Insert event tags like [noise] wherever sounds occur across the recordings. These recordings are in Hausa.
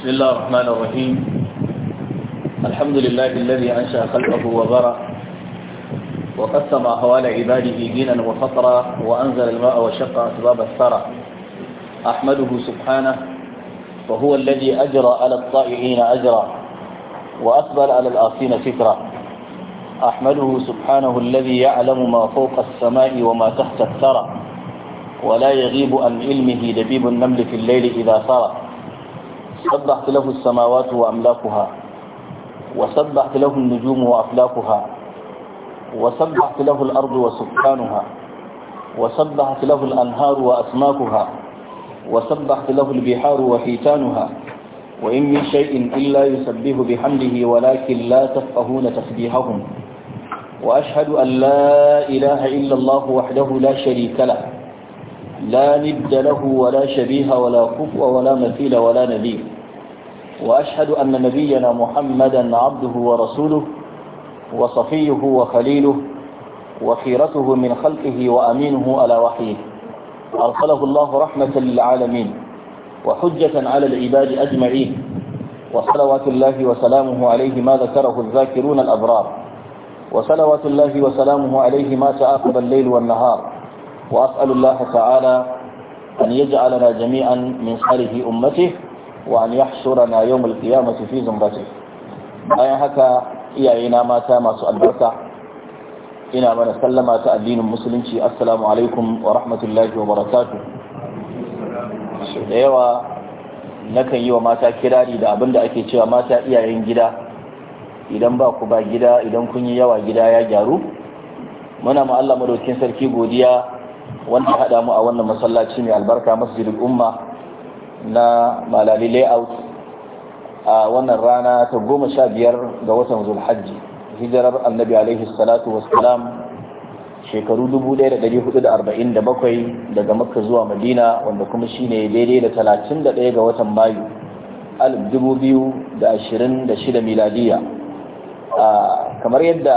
بسم الله الرحمن الرحيم الحمد لله الذي أنشأ خلقه وبرى وقسم أحوال عباده دينا وفطرا وأنزل الماء وشق أسباب الثرى أحمده سبحانه وهو الذي أجرى على الطائعين أجرا وأقبل على الآصين سترا أحمده سبحانه الذي يعلم ما فوق السماء وما تحت الثرى ولا يغيب عن علمه دبيب النمل في الليل إذا سرى سبحت له السماوات وأملاكها وسبحت له النجوم وأفلاكها وسبحت له الأرض وسكانها وسبحت له الأنهار وأسماكها وسبحت له البحار وحيتانها وإن من شيء إلا يسبه بحمده ولكن لا تفقهون تسبيحهم وأشهد أن لا إله إلا الله وحده لا شريك له لا ند له ولا شبيه ولا كفء ولا مثيل ولا نذير وأشهد أن نبينا محمدا عبده ورسوله وصفيه وخليله وخيرته من خلقه وأمينه على وحيه أرسله الله رحمة للعالمين وحجة على العباد أجمعين وصلوات الله وسلامه عليه ما ذكره الذاكرون الأبرار وصلوات الله وسلامه عليه ما تعاقب الليل والنهار وأسأل الله تعالى أن يجعلنا جميعا من صالح أمته wa an yahshurana yawmal qiyamati fi zumrati bayan haka iyayena mata masu albarka ina mana sallama ta addinin musulunci assalamu alaikum wa rahmatullahi wa barakatuh da yawa nakan yi wa mata kirari da abin da ake cewa mata iyayen gida idan ba ku ba gida idan kun yi yawa gida ya gyaru muna ma Allah madaukin sarki godiya wanda haɗa mu a wannan masallaci mai albarka masjidul umma na malali layout a wannan rana ta goma sha biyar ga watan zulhajji hijirar annabi alaihi salatu wassalam shekaru 1447 daga makka zuwa madina wanda kuma shine daidai da 31 ga watan mayu 2026 miladiya kamar yadda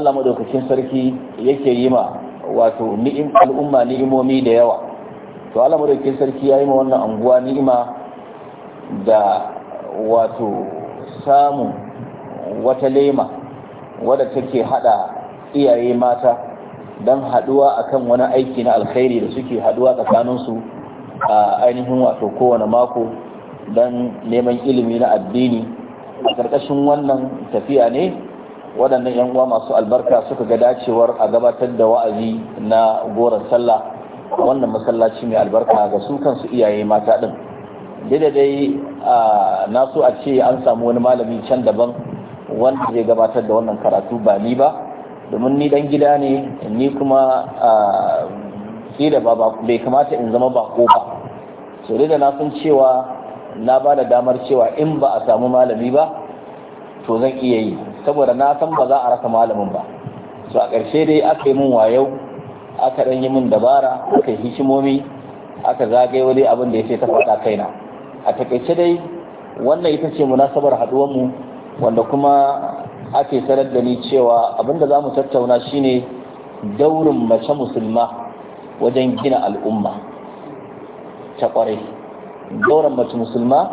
allah madaukakin sarki yake yi ma wato al'umma ni'imomi da yawa to Allah ke sarki ya yi ma wannan anguwa ni'ima da wato samun wata lema wadda take hada iyaye mata don haduwa akan wani aiki na alkhairi da suke haduwa tsakaninsu a ainihin wato kowane mako don neman ilimi na addini a ƙarƙashin wannan tafiya ne waɗannan 'yan uwa masu albarka suka ga dacewar a gabatar da wa'azi na goron sallah wannan masallaci mai albarka ga su kansu iyaye mata din da dai na so a ce an samu wani malami can daban wanda zai gabatar da wannan karatu ba ni ba domin ni dan gida ne ni kuma ke da ba bai kamata in zama bako ba so da na san cewa na ba da damar cewa in ba a samu malami ba to zan iya yi saboda na san ba za a rasa malamin ba so a ƙarshe dai aka yi min wayau aka ɗan yi min dabara aka yi hishimomi aka zagaye wani abin da ya ce ta faɗa kaina a takaice dai wannan ita ce munasabar haɗuwanmu wanda kuma ake sanar da ni cewa abin da za mu tattauna shine daurin mace musulma wajen gina al'umma ta ƙwarai daurin mace musulma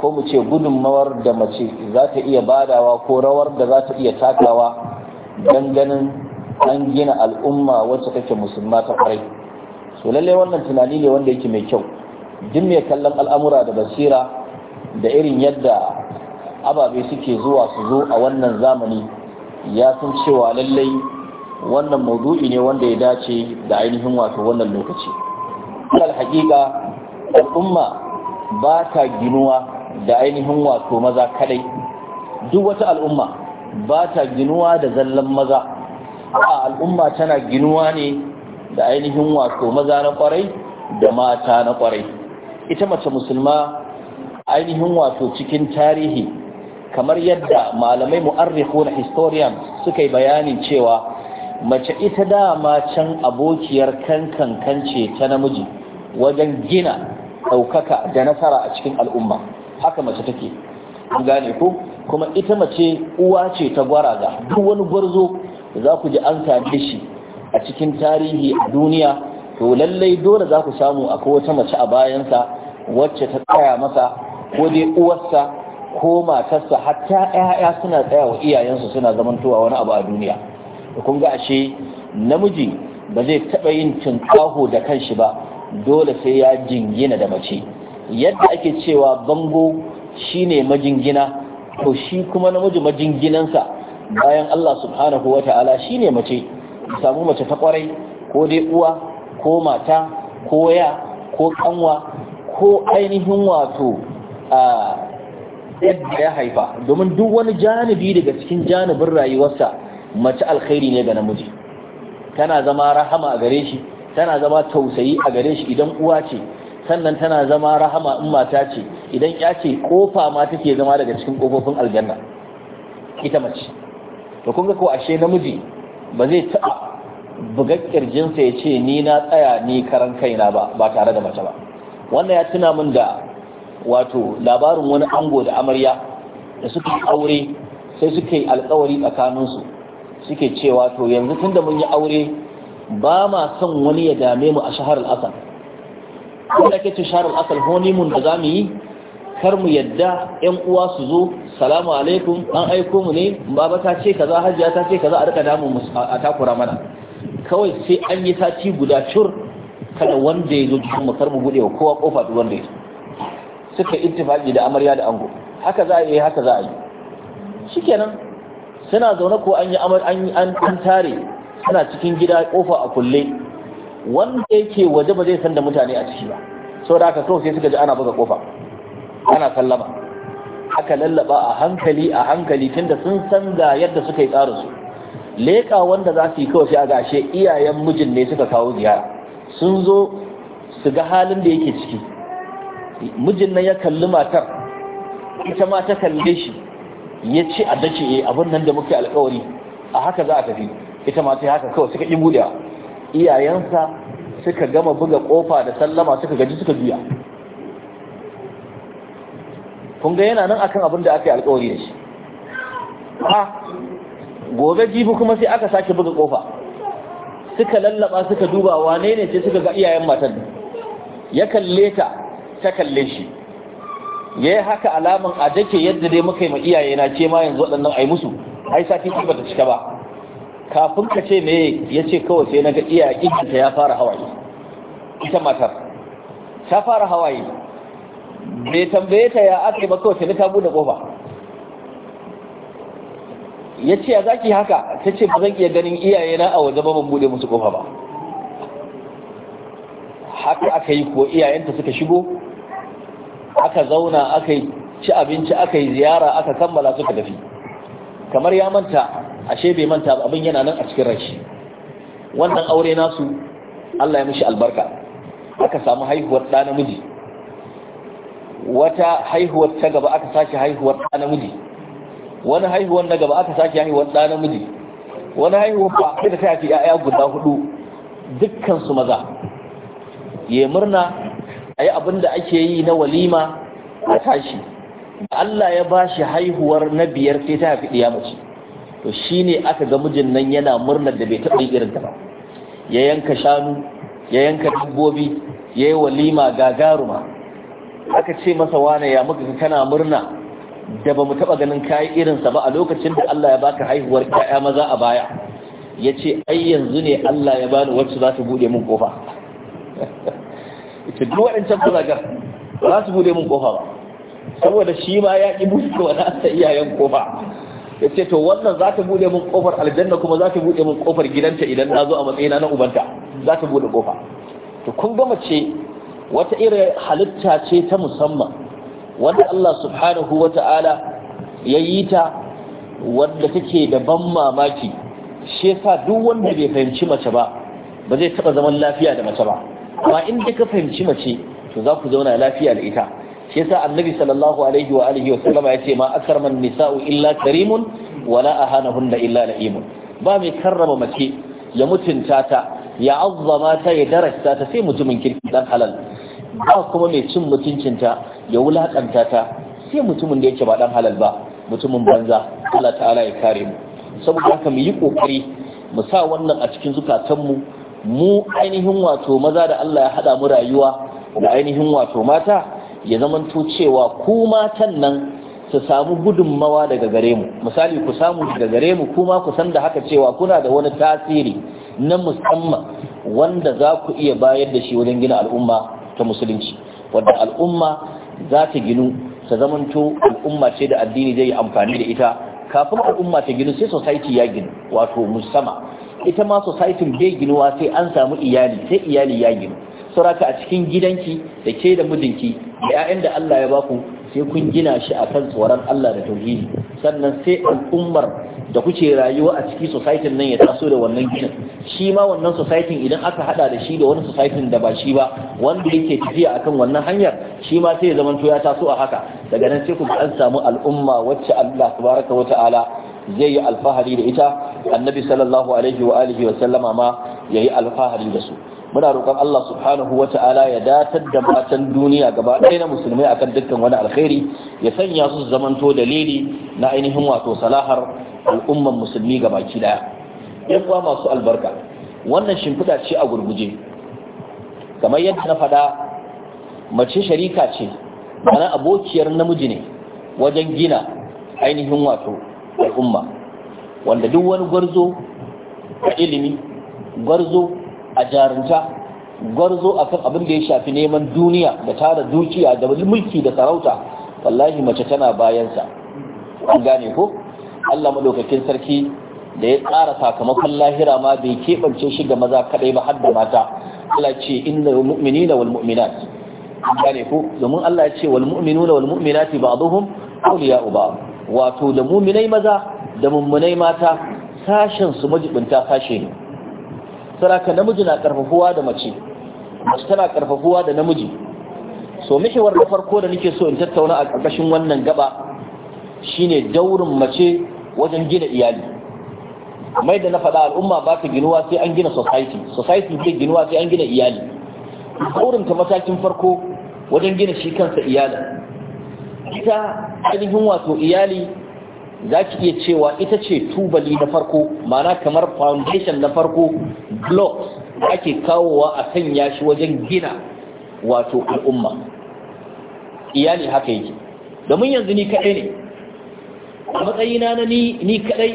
ko mu ce gudunmawar da mace za ta iya badawa ko rawar da za ta iya takawa don ganin an gina al'umma wacce take musulma ta kwarai so lallai wannan tunani ne wanda yake mai kyau duk mai kallon al'amura da basira da irin yadda ababe suke zuwa su zo a wannan zamani ya san cewa lallai wannan maudu'i ne wanda ya dace da ainihin wato wannan lokaci al haƙiƙa al'umma ba ta ginuwa da ainihin wato maza kadai duk wata al'umma ba ta ginuwa da zallan maza a al'umma tana ginuwa ne da ainihin wato maza na kwarai da mata na kwarai ita mace musulma ainihin wato cikin tarihi kamar yadda malamai na historian suka yi bayanin cewa mace ita dama can abokiyar kankan kance ta namiji wajen gina ɗaukaka da nasara a cikin al'umma haka mace take gane ko kuma ita mace uwa ce ta gwara ga duk wani gwarzo za ku ji an shi a cikin tarihi a duniya to lallai dole za ku samu a wata mace a bayansa wacce ta tsaya masa ko dai uwarsa ko matarsa hatta 'ya'ya suna tsaya wa iyayensu suna zamantowa wani abu a duniya da kun ga ashe namiji ba zai taɓa yin tunƙaho da kanshi ba dole sai ya jingina da mace yadda ake cewa bango shine majingina to shi kuma namiji majinginansa bayan Allah subhanahu wa ta'ala shi ne mace samu mace ta kwarai ko dai uwa ko mata ko ya ko kanwa ko ainihin wato a yadda ya haifa domin duk wani janibi daga cikin janibin rayuwarsa mace alkhairi ne ga namiji tana zama rahama a gare shi tana zama tausayi a gare shi idan uwa ce sannan tana zama rahama in mata ce idan ya ce kofa ma take zama daga cikin kofofin aljanna ita mace to kun ga ko ashe namiji ba zai taɓa buga jinsa ya ce ni na tsaya ni karan kaina ba ba tare da mace ba wannan ya tuna min da wato labarin wani ango da amarya da suka yi aure sai suka yi alkawari tsakaninsu suke cewa to yanzu tunda mun yi aure ba ma son wani ya dame mu a shahar al'asar wanda ke ce shahar al'asar honeymoon da za mu yi kar mu yadda ƴan uwa su zo salamu alaikum an aiko mu ne baba ta ce kaza hajiya ta ce kaza a rika damu mu a takura mana kawai sai an yi sati guda cur kada wanda ya zo cikin mu kar mu bude wa kowa kofa duk wanda ya suka ittifaqi da amarya da ango haka za a yi haka za a yi shikenan suna zaune ko an yi amar an an tare suna cikin gida kofa a kulle wanda yake waje ba zai san da mutane a ciki ba saboda haka kawai sai suka ji ana buga kofa ana sallama aka lallaba a hankali a hankali tunda sun san ga yadda suka yi tsarin su leka wanda za su yi kawai sai a gashe iyayen mijin ne suka kawo ziyara sun zo su ga halin da yake ciki mijin nan ya kalli matar ita ma ta kalle shi ya ce a dace eh abin nan da muke alkawari a haka za a tafi ita ma sai haka kawai suka ƙi buɗewa iyayensa suka gama buga kofa da sallama suka gaji suka juya kun ga yana nan akan abin da aka yi alkawari da shi a gobe jibi kuma sai aka sake buga kofa suka lallaba suka duba wane ne ce suka ga iyayen matan ya kalle ta ta kalle shi ya yi haka alaman a jake yadda dai muka yi ma iyaye na ce ma yanzu waɗannan ai musu ai sati ki bata cika ba kafin ka ce me ya ce kawai sai na ga iyaye ya fara hawaye ita matar ta fara hawaye bai tambaye ta ya aka yi ba kawai ta bude kofa ya ce ya zaki haka ta ce ba zan iya ganin iyayena a waje ba ban bude musu kofa ba haka aka yi ko iyayenta suka shigo aka zauna aka yi ci abinci aka yi ziyara aka kammala suka tafi kamar ya manta ashe bai manta ba abin yana nan a cikin rashi wannan aure nasu Allah ya mishi albarka aka samu haihuwar ɗa namiji wata haihuwar ta gaba aka sake haihuwar ɗa namiji wani haihuwar na gaba aka sake haihuwar ɗa namiji wani haihuwar ba a da ta yafi ya'ya guda hudu dukkan su maza ya murna a yi abin da ake yi na walima a tashi Allah ya ba shi haihuwar na biyar sai ta haifi ɗiya mace to shi ne aka ga mijin nan yana murnar da bai taɓa yi irin ta ba ya yanka shanu ya yanka dabbobi ya yi walima gagaruma aka ce masa wane ya muka kana murna da ba mu taɓa ganin kayi irinsa ba a lokacin da Allah ya baka haihuwar ƴaƴa maza a baya ya ce ai yanzu ne Allah ya bani wacce za ta buɗe min ƙofa [laughs] ita duk waɗancan bazagar za su buɗe min ƙofa ba saboda shi ma ya ƙi musu wa nasa iyayen ƙofa ya ce to wannan za ta buɗe min ƙofar aljanna kuma za ta buɗe min ƙofar gidanta idan na zo a matsayina na ubanta za ta buɗe ƙofa to kun gama ce wata irin halitta ce ta musamman wanda Allah subhanahu wa ta'ala ya yi ta wanda take da ban mamaki shi yasa duk wanda bai fahimci mace ba ba zai taba zaman lafiya da mace ba amma in da ka fahimci mace to za ku zauna lafiya da ita shi yasa annabi sallallahu alaihi wa alihi wa sallama ce ma akraman nisa'u illa karimun wala ahanahunna illa la'imun ba mai karrama mace ya mutunta ta ya azzama ta ya darasta ta sai mutumin kirki dan halal ba kuma mai cin mutuncinta ya wulakanta ta sai mutumin da yake ba dan halal ba mutumin banza Allah ta'ala ya kare mu saboda haka mu yi kokari mu sa wannan a cikin zukatanmu mu ainihin wato maza da Allah ya hada mu rayuwa da ainihin wato mata ya zamanto cewa ku matan nan su samu gudunmawa daga gare mu misali ku samu daga gare mu kuma ku san da haka cewa kuna da wani tasiri na musamman wanda za ku iya bayar da shi wajen gina al'umma ta musulunci wadda al'umma za ta ginu ta zamanto al'umma ce da addini zai yi amfani da ita kafin al'umma ta ginu sai society ya ginu wato musama ita ma society bai ginuwa sai an samu iyali sai iyali ya ginu sauraka a cikin gidanki da ke da mijinki da 'ya'yan da Allah ya baku sai kun gina shi akan tsoron Allah da tauhidi sannan sai al'ummar da kuke rayuwa a ciki society nan ya taso da wannan ginin shi ma wannan society idan aka hada da shi da wani society da ba shi ba wanda yake tafiya akan wannan hanyar shi ma sai ya zamanto ya taso a haka daga nan sai ku an samu al'umma wacce Allah tabaraka zai yi alfahari da ita annabi sallallahu alaihi wa alihi wa sallama ma yayi alfahari da su muna roƙon Allah subhanahu wa ta'ala ya datar da matan duniya gaba ɗaya na musulmai akan dukkan wani alkhairi ya sanya su zamanto dalili na ainihin wato salahar al'umman musulmi gabaki ɗaya yan uwa masu albarka wannan shimfiɗa ce a gurguje kamar yadda na faɗa mace sharika ce ana abokiyar namiji ne wajen gina ainihin wato al'umma wanda duk wani gwarzo a ilimi gwarzo a jarinta gwarzo akan abin da ya shafi neman duniya da tara dukiya da mulki da sarauta wallahi mace tana bayansa an gane ko Allah madaukakin sarki da ya tsara sakamakon lahira ma bai keɓance shi ga maza kaɗai ba har da mata Allah ce inna mu'minina wal mu'minat gane ko domin Allah ya ce wal mu'minuna wal mu'minati ba'dhum awliya'u ba'd wato da mu'minai maza da mummunai mata sashen su majibinta sashe ne saraka namiji na karfafuwa da mace mace tana karfafuwa da namiji so mihewar na farko da nake so in tattauna a ƙarƙashin wannan gaba shine daurin mace wajen gina iyali mai da na faɗa al'umma ba ta ginuwa sai an gina society society ke ginuwa sai an gina iyali daurin ta matakin farko wajen gina shi kansa iyalin ita ainihin wato iyali za ki iya cewa ita ce tubali na farko mana kamar foundation na farko blocks ake kawowa a sanya shi wajen gina wato al'umma iyali haka yake domin yanzu ni kaɗai ne a matsayina na ni kaɗai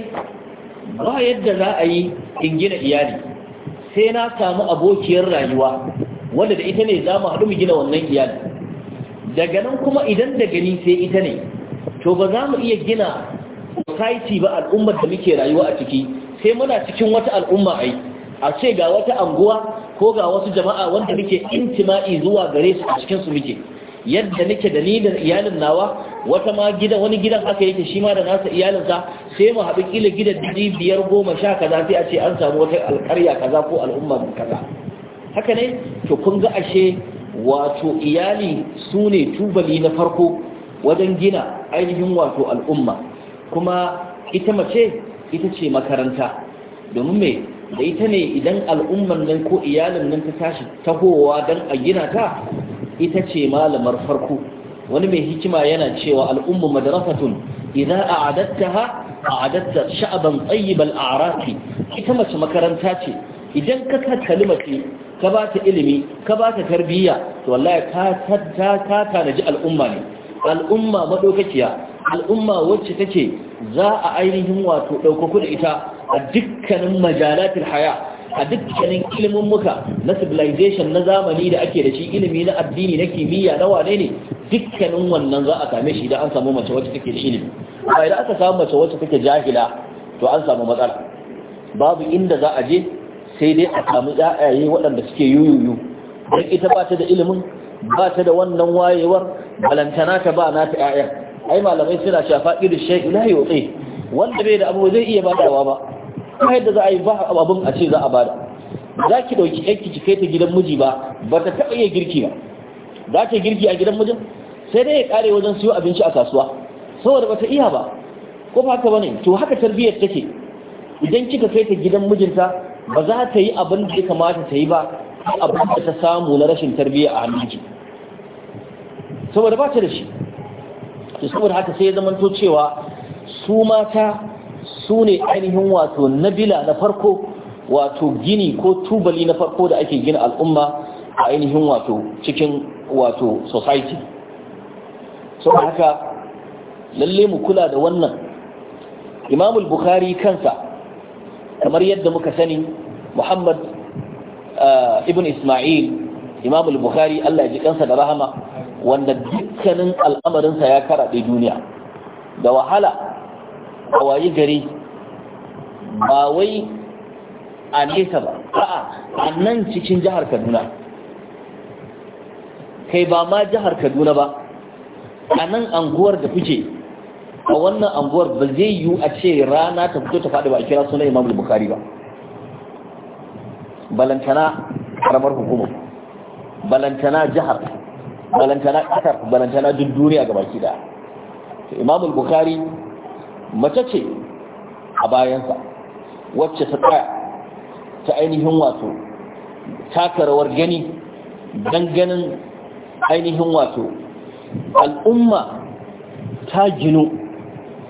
ba yadda za a yi in gina iyali sai na samu abokiyar rayuwa wanda da ita ne za mu haɗu mu gina wannan iyali daga nan kuma idan da gani sai ita ne to ba za mu iya gina society ba al'ummar da muke rayuwa a ciki sai muna cikin wata al'umma ai a ce ga wata anguwa ko ga wasu jama'a wanda muke intima'i zuwa gare su a cikin su muke yadda nake da ni da iyalin nawa wata ma gida wani gidan aka yake shi ma da nasa iyalin iyalinsa sai mu haɗu kila gidan dubi biyar goma sha kaza sai a ce an samu wata alƙarya kaza ko al'umma kaza haka ne to kun ga ashe wato iyali sune tubali na farko wajen gina ainihin wato al'umma kuma ita mace ita ce makaranta domin me da ita ne idan al'umman nan ko iyalin nan ta tashi tahowa don a gina ta ita ce malamar farko wani mai hikima yana cewa al'umma madrasatun idza a'adattaha a'adatta sha'ban tayyib al'arafi ita mace makaranta ce idan ka ka ka ba ta ilimi ka ba ta tarbiyya to wallahi ka ta ta al'umma ne al'umma madaukakiya al'umma wacce take za a ainihin wato ɗaukaku da ita a dukkanin majalatin haya a dukkanin ilimin muka na civilization na zamani da ake da shi ilimi na addini na kimiyya na wane ne dukkanin wannan za a same shi idan an samu mace wacce take da ilimi ba idan aka samu mace wacce take jahila to an samu matsala babu inda za a je sai dai a samu ƴaƴaye waɗanda suke yuyuyu don ita ba ta da ilimin ba ta da wannan wayewar balantana ta ba na ta ƴaƴan ai malamai suna shafaɗi da sha'i na yuti wanda bai da abu zai iya badawa ba kuma yadda za a yi ba abin a ce za a bada za ki dauki yanki ki kai ta gidan miji ba ba ta taɓa iya girki ba za ta girki a gidan mijin sai dai ya kare wajen siyo abinci a kasuwa saboda bata iya ba ko ba haka bane to haka tarbiyyar take idan kika kai ta gidan mijinta ba za ta yi abin da ya kamata ta yi ba abin da ta samu na rashin tarbiyya a hannunki saboda ba ta da shi to saboda haka sai ya zamanto cewa su mata su ne ainihin wato nabila na farko wato gini ko tubali na farko da ake gina al'umma a ainihin wato cikin wato society saboda haka lalle mu kula da wannan imamul bukhari kansa kamar yadda muka sani muhammad uh, ibn isma'il imamul bukhari allah ya ji kansa da rahama wanda dukkanin al'amarinsa ya karaɗe duniya da wahala a wayi gari ba wai a nesa ba a'a a nan cikin jihar kaduna kai ba ma jihar kaduna ba a nan anguwar da kuke a wannan anguwar ba zai yiwu a ce rana ta fito ta faɗi ba a kira sunan imam bukari ba balantana karamar hukumar balantana jihar balantana kasar balantana duk duniya ga baki da imam bukhari mace ce a bayansa wacce ta tsaya ta ainihin wato taka rawar gani dan ganin ainihin wato al'umma ta ginu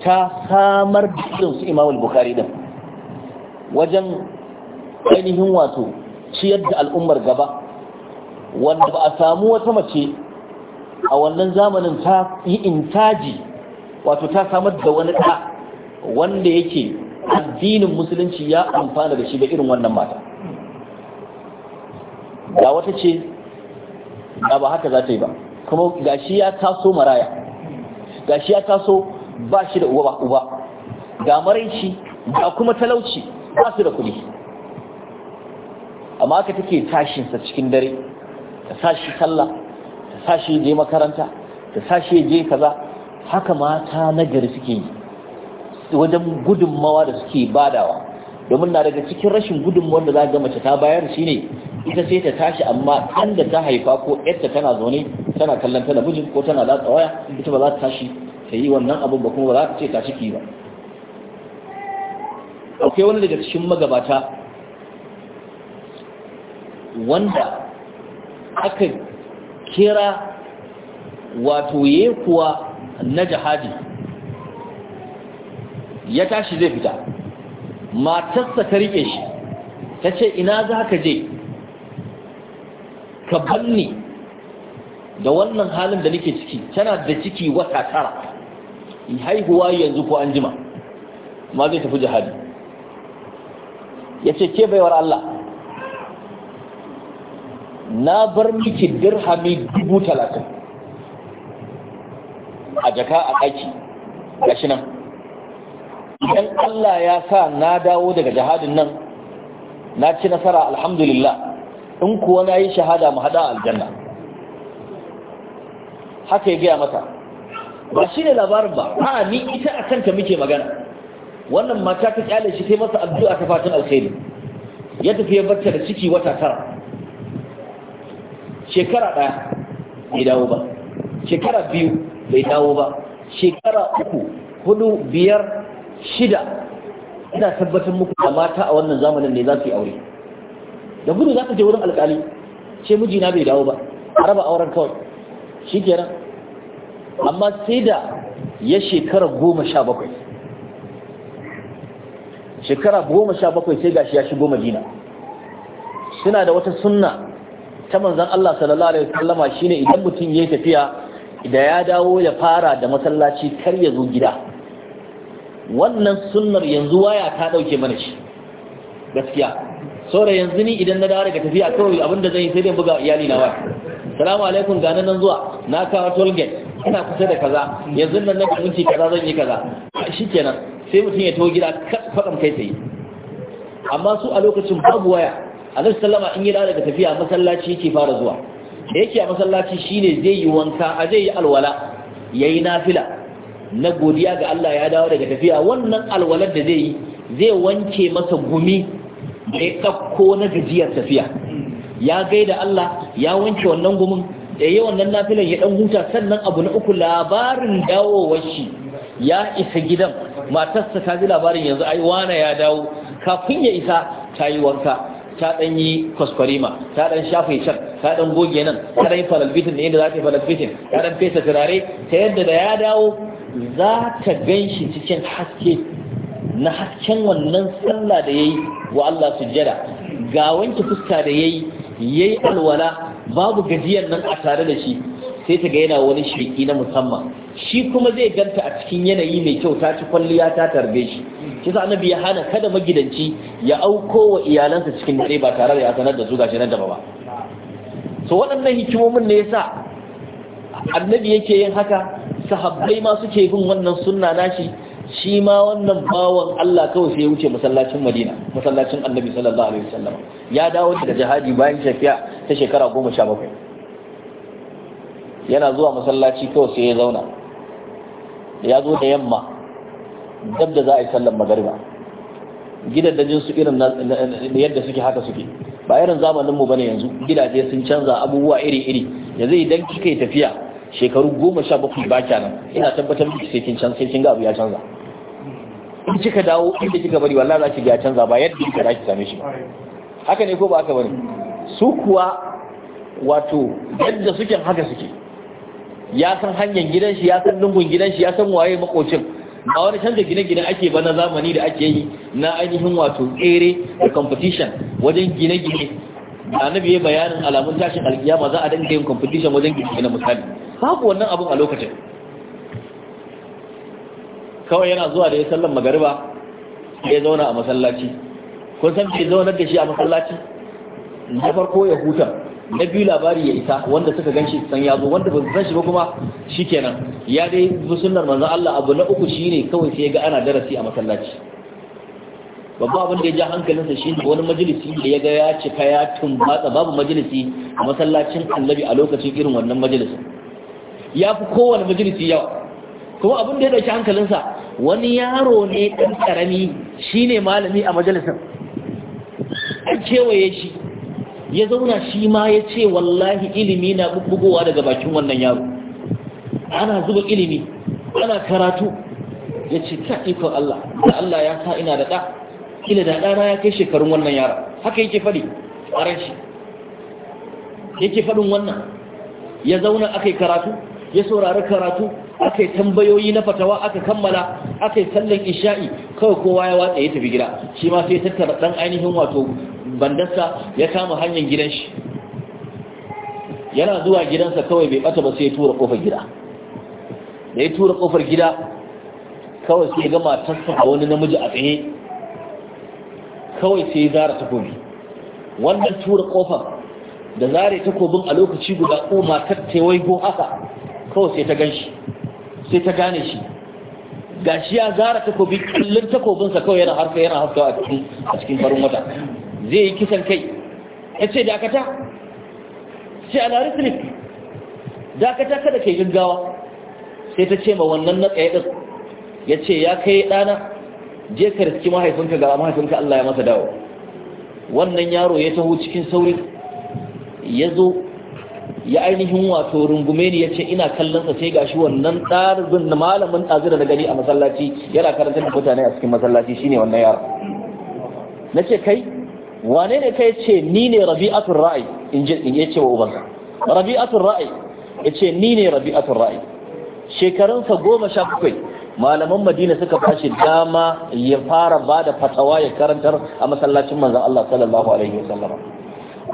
ta samar da su imam al-bukhari din wajen ainihin wato ciyar da al'ummar gaba wanda ba a samu wata mace a wannan zamanin ta yi intaji wato ta samar da wani ɗa wanda yake addinin musulunci ya amfana da shi da irin wannan mata ga wata ce da ba haka za ta yi ba kuma ga shi ya taso maraya ga shi ya taso ba shi da uba ba uba ga maraici ga kuma talauci ba su da kuɗi amma haka take tashinsa cikin dare ta shi sallah sashi je makaranta da sashi je kaza haka mata nagari suke yi wajen gudunmawa da suke badawa domin na daga cikin rashin gudunmawar da za ga mace ta bayar ne ita sai ta tashi amma ɗan da ta haifa ko ƴarta tana zaune tana kallon talabijin ko tana latsa waya ita ba za ta tashi ta yi wannan abin ba kuma ba za ta ce ta ciki ba akwai wani daga cikin magabata wanda aka kira wato ya kuwa na jihadi ya tashi zai fita matarsa ta riƙe shi ta ce ina za ka je ka banni da wannan halin da nake ciki tana da ciki wata tara haihuwa yanzu ko an jima ma zai tafi jihadi ya ce ke baiwar Allah na bar miki dirhami dubu talatin a jaka a ɗaki shi nan idan Allah ya sa na dawo daga jihadin nan na ci nasara alhamdulillah in kuwa na yi shahada mu haɗa aljanna haka ya gaya mata ba shi ne labarin ba a ni ita a kanta muke magana wannan mata ta kyale shi sai masa addu'a ta fatan alkhairi ya tafi ya barta da ciki wata tara shekara ɗaya bai dawo ba shekara biyu bai dawo ba shekara uku hudu biyar shida ina tabbatar muku da mata a wannan zamanin ne za su yi aure da gudu za ka je wurin alkali ce mijina bai dawo ba a raba auren kawai shi kenan amma sai da ya shekara goma sha bakwai shekara goma sha bakwai sai gashi ya goma jina, suna da wata sunna ta manzon Allah sallallahu alaihi wasallama shine idan mutum yayi tafiya da ya dawo ya fara da masallaci kar ya zo gida wannan sunnar yanzu waya ta dauke mana shi gaskiya saboda yanzu ni idan na dawo daga tafiya kawai abinda zan yi sai dai buga iyali na waya salamu alaikum ga nan zuwa na kawo toll gate ina kusa da kaza yanzu nan na minti kaza zan yi kaza shikenan sai mutum ya taho gida faɗan kai tsaye amma su a lokacin babu waya annabi sallama in yi daga tafiya masallaci yake fara zuwa da yake a masallaci shine zai yi wanka a zai yi alwala yayi nafila na godiya ga Allah ya dawo daga tafiya wannan alwalar da zai yi zai wanke masa gumi da ya kakko na gajiyar tafiya ya gaida Allah ya wanke wannan gumin da yi wannan nafilan ya dan huta sannan abu na uku labarin dawowar shi ya isa gidan matarsa ta ji labarin yanzu ai wana ya dawo kafin ya isa ta yi wanka ta dan yi kwaskwarima ta dan shafe can ta dan goge nan ta dan yi falalbitin da yadda za ta yi falalbitin ta dan fesa turare ta yadda da ya dawo za ta gan shi cikin haske na hasken wannan sallah da ya yi wa Allah sujjada ga wanke fuska da ya yi ya yi alwala babu gajiyar nan a tare da shi sai ta ga yana wani shirki na musamman shi kuma zai ganta a cikin yanayi mai kyau ta ci kwalliya ta tarbe shi shi sa annabi ya hana kada magidanci ya auko wa iyalansa cikin dare ba tare da ya sanar da su gashi nan da ba so waɗannan hikimomin ne yasa annabi yake yin haka sahabbai ma suke bin wannan sunna nashi shi ma wannan bawan Allah kawai sai ya wuce masallacin Madina masallacin Annabi sallallahu alaihi wasallam ya dawo daga jihadi bayan tafiya ta shekara goma sha 17 yana zuwa masallaci kawai sai ya zauna ya zo da yamma dab da za a yi sallar magariba gidajen su irin yadda suke haka suke ba irin zamanin mu bane yanzu gidaje sun canza abubuwa iri-iri yanzu idan kika yi tafiya shekaru goma sha bakwai ba nan ina tabbatar miki sai kin can sai kin ga abu ya canza in kika dawo inda kika bari wallahi za ki ga canza ba yadda kika da ki same shi haka ne ko ba haka bane su kuwa wato yadda suke haka suke ya san hanyar gidan shi ya san lungun gidan shi ya san waye makocin ba wani canza gine-gine ake ba na zamani da ake yi na ainihin wato tsere da competition wajen gine-gine da na biye bayanin alamun tashin alkiyama za a dinga yin competition wajen gine-gine misali babu wannan abin a lokacin kawai yana zuwa da ya sallan magariba ya zauna a masallaci kun san ke zaunar da shi a masallaci na farko ya huta na biyu labari ya isa wanda suka ganshi san ya zo wanda ba san shi ba kuma shikenan ya dai sunnar manzo Allah abu na uku shine kawai sai ga ana darasi a masallaci babba abin da ya ja hankalinsa shi ne wani majalisi da ya ga ya cika ya tumbatsa babu majalisi a masallacin annabi a lokacin irin wannan majalisin ya fi kowane majalisi yawa kuma abin da ya hankalin hankalinsa wani yaro ne ɗan karami shi malami a majalisin an kewaye shi ya zauna shi ma ya ce wallahi ilimi na bugowa daga bakin wannan yaro ana zuba ilimi ana karatu ya ce ta ikon Allah da Allah ya sa ina da ɗa ila da ɗana ya kai shekarun wannan yara haka yake faɗi a ran shi yake faɗin wannan ya zauna aka yi karatu ya saurari karatu aka yi tambayoyi na fatawa aka kammala aka yi sallan isha'i kawai kowa ya watsa ya tafi gida shi ma sai tattara ɗan ainihin wato bandarsa ya kama hanyar gidan shi yana zuwa gidansa kawai bai bata ba sai ya tura kofar gida da ya tura kofar gida kawai sai ya ga matarsa a wani namiji a tsaye kawai sai ya zara takobi wannan tura kofar da zare takobin a lokaci guda ko matar ta ko haka kawai sai ta gan shi sai ta gane shi ga shi ya zara takobi kullum takobinsa kawai yana harka yana haska a cikin farin wata zai yi kisan kai ya ce dakata sai alari filip dakata kada ke gaggawa sai ta ce ma wannan na tsaye ɗin ya ce ya kai ɗana je ka riski mahaifinka ga mahaifinka Allah ya masa dawo wannan yaro ya taho cikin sauri ya zo ya ainihin wato rungume ya ce ina kallon sa sai gashi wannan ɗalibin malamin ɗazira da gani a masallaci yana karanta da mutane a cikin masallaci shine wannan yaro nace kai wane ne kai ce ni ne rabi'atul ra'i in je in yace wa ubansa rabi'atul ra'i yace ni ne rabi'atul ra'i shekarun sa goma sha bakwai malaman madina suka bashi dama ya fara bada fatawa ya karantar a masallacin manzon Allah sallallahu alaihi wasallam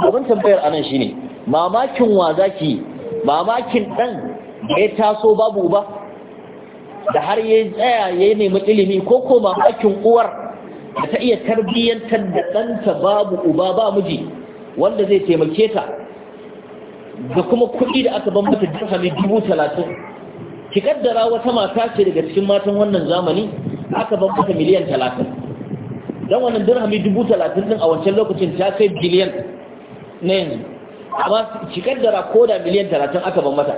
abin tambayar anan shine mamakin wa zaki mamakin dan da ya taso babu ba da har ya tsaya ya nemi ilimi ko ko mamakin uwar da ta iya tarbiyyantar da ɗanta babu uba ba miji wanda zai taimake ta da kuma kuɗi da aka ban mata dirhami dubu talatin ki kaddara wata mata ce daga cikin matan wannan zamani aka ban mata miliyan talatin don wannan dirhami dubu talatin din a wancan lokacin ta kai biliyan na yanzu amma ki kaddara koda miliyan talatin aka ban mata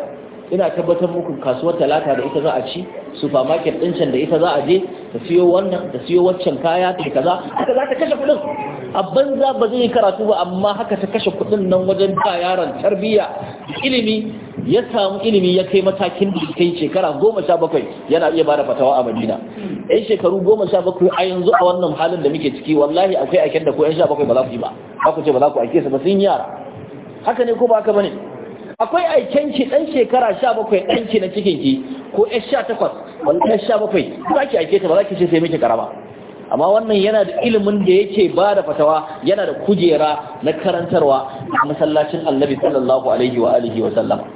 ina tabbatar muku kasuwar talata da ita za a ci supermarket din can da ita za a je ta siyo wannan ta siyo waccan kaya ta kaza haka za ta kashe kuɗin a banza ba zai yi karatu ba amma haka ta kashe kuɗin nan wajen ba yaron tarbiyya ilimi ya samu ilimi ya kai matakin da kai shekara goma sha bakwai yana iya bada fatawa a madina yan shekaru goma sha bakwai a yanzu a wannan halin da muke ciki wallahi akwai aiken da ko yan sha bakwai ba za ku yi ba ba ku ce ba za ku aike su ba sun yara haka ne ko ba haka bane akwai aiken ki dan shekara sha bakwai dan ki na cikin ki ko yan sha takwas wallahi yan sha bakwai za ki aike ta ba za ki ce sai miki karama amma wannan yana da ilimin da yake ba da fatawa yana da kujera na karantarwa a masallacin annabi sallallahu alaihi wa alihi wa sallam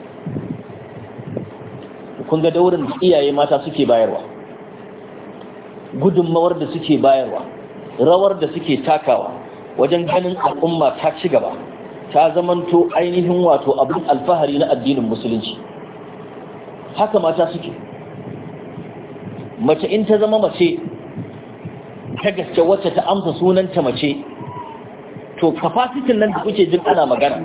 kun ga daurin da iyaye mata suke bayarwa gudunmawar da suke bayarwa rawar da suke takawa wajen ganin al'umma ta ci gaba ta zamanto ainihin wato abin alfahari na addinin musulunci haka mata suke mace in ta zama mace ta gaske wacce ta amsa sunanta mace to kafasitin nan da kuke jin ana magana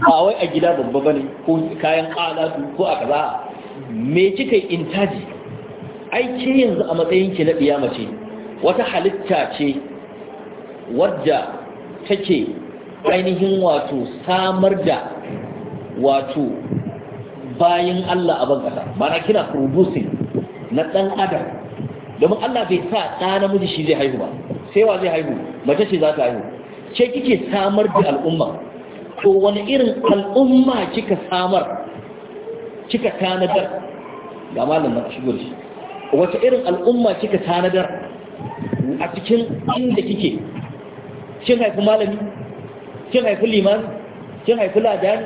ba wai a gida babba bane ko kayan alatu ko a kaza me kika yi intaji ai yanzu a matsayin ki na ɗiya mace wata halitta ce wadda take ainihin wato samar da wato bayan Allah a bangasa mana kina producing na ɗan adam domin Allah bai sa ɗa namiji shi zai haihu ba sai wa zai haihu mace ce za ta haihu ce kike samar da al'umma ko wani irin al'umma kika samar kika tanadar ga malam na shigo shi wace irin al'umma kika tanadar a cikin inda kike kin haifi malami kin haifi liman kin haifi ladan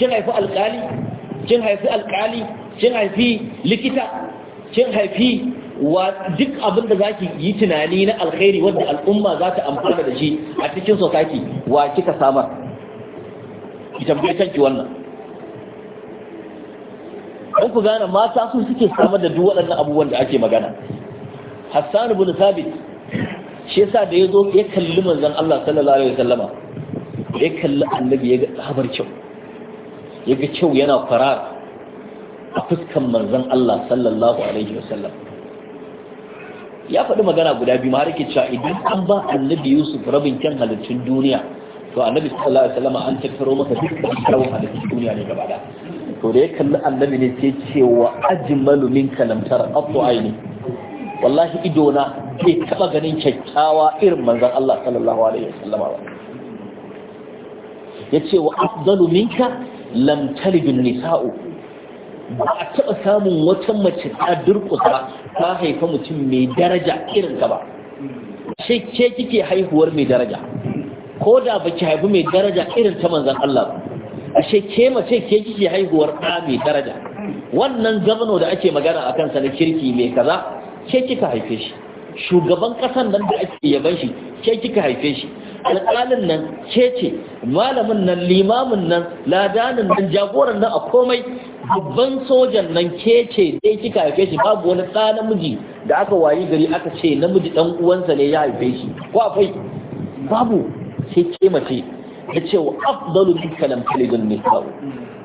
kin haifi alkali kin haifi alkali kin haifi likita kin haifi wa duk abin da zaki yi tunani na alkhairi wanda al'umma za ta amfana da shi a cikin society wa kika samar ki tambaye kanki wannan don ku gane mata su suke samar da duk waɗannan abubuwan da ake magana hassan ibn sabit shi yasa da yazo ya kalli manzon Allah sallallahu alaihi wasallama ya kalli annabi ya ga sabar kyau ya ga kyau yana farar a fuskan manzon Allah sallallahu alaihi wasallam ya faɗi magana guda biyu ma harke cewa idan an ba annabi yusuf rabin kyan halittun duniya to annabi sallallahu alaihi WaSallama an tattaro masa dukkan kyawun halittun duniya ne gaba da to da ya kalli annabi ne sai ce wa ajmalu min kalamtar abu aini wallahi ido na bai taba ganin kyakkyawa irin manzon Allah sallallahu alaihi wasallam ba yace wa afdalu minka lam an nisa'u ba a taba samun wata mace ta durƙusa ta haifa mutum mai daraja irin ka ba shi ke kike haihuwar mai daraja ko da baki haifi mai daraja irin ta manzon Allah ba ashe ke mace ke kike haihuwar ɗa mai daraja wannan gabano da ake magana a kansa na kirki mai kaza ke kika haife shi shugaban ƙasan nan da ake yaban shi ke kika haife shi alƙalin nan ke ce malamin nan limamin nan ladanin nan jagoran nan a komai babban sojan nan ke ce dai kika haife shi babu wani ɗa namiji da aka wayi gari aka ce namiji ɗan uwansa ne ya haife shi ko akwai babu sai ke mace ya ce wa afdalu min kalam talidun nisa'u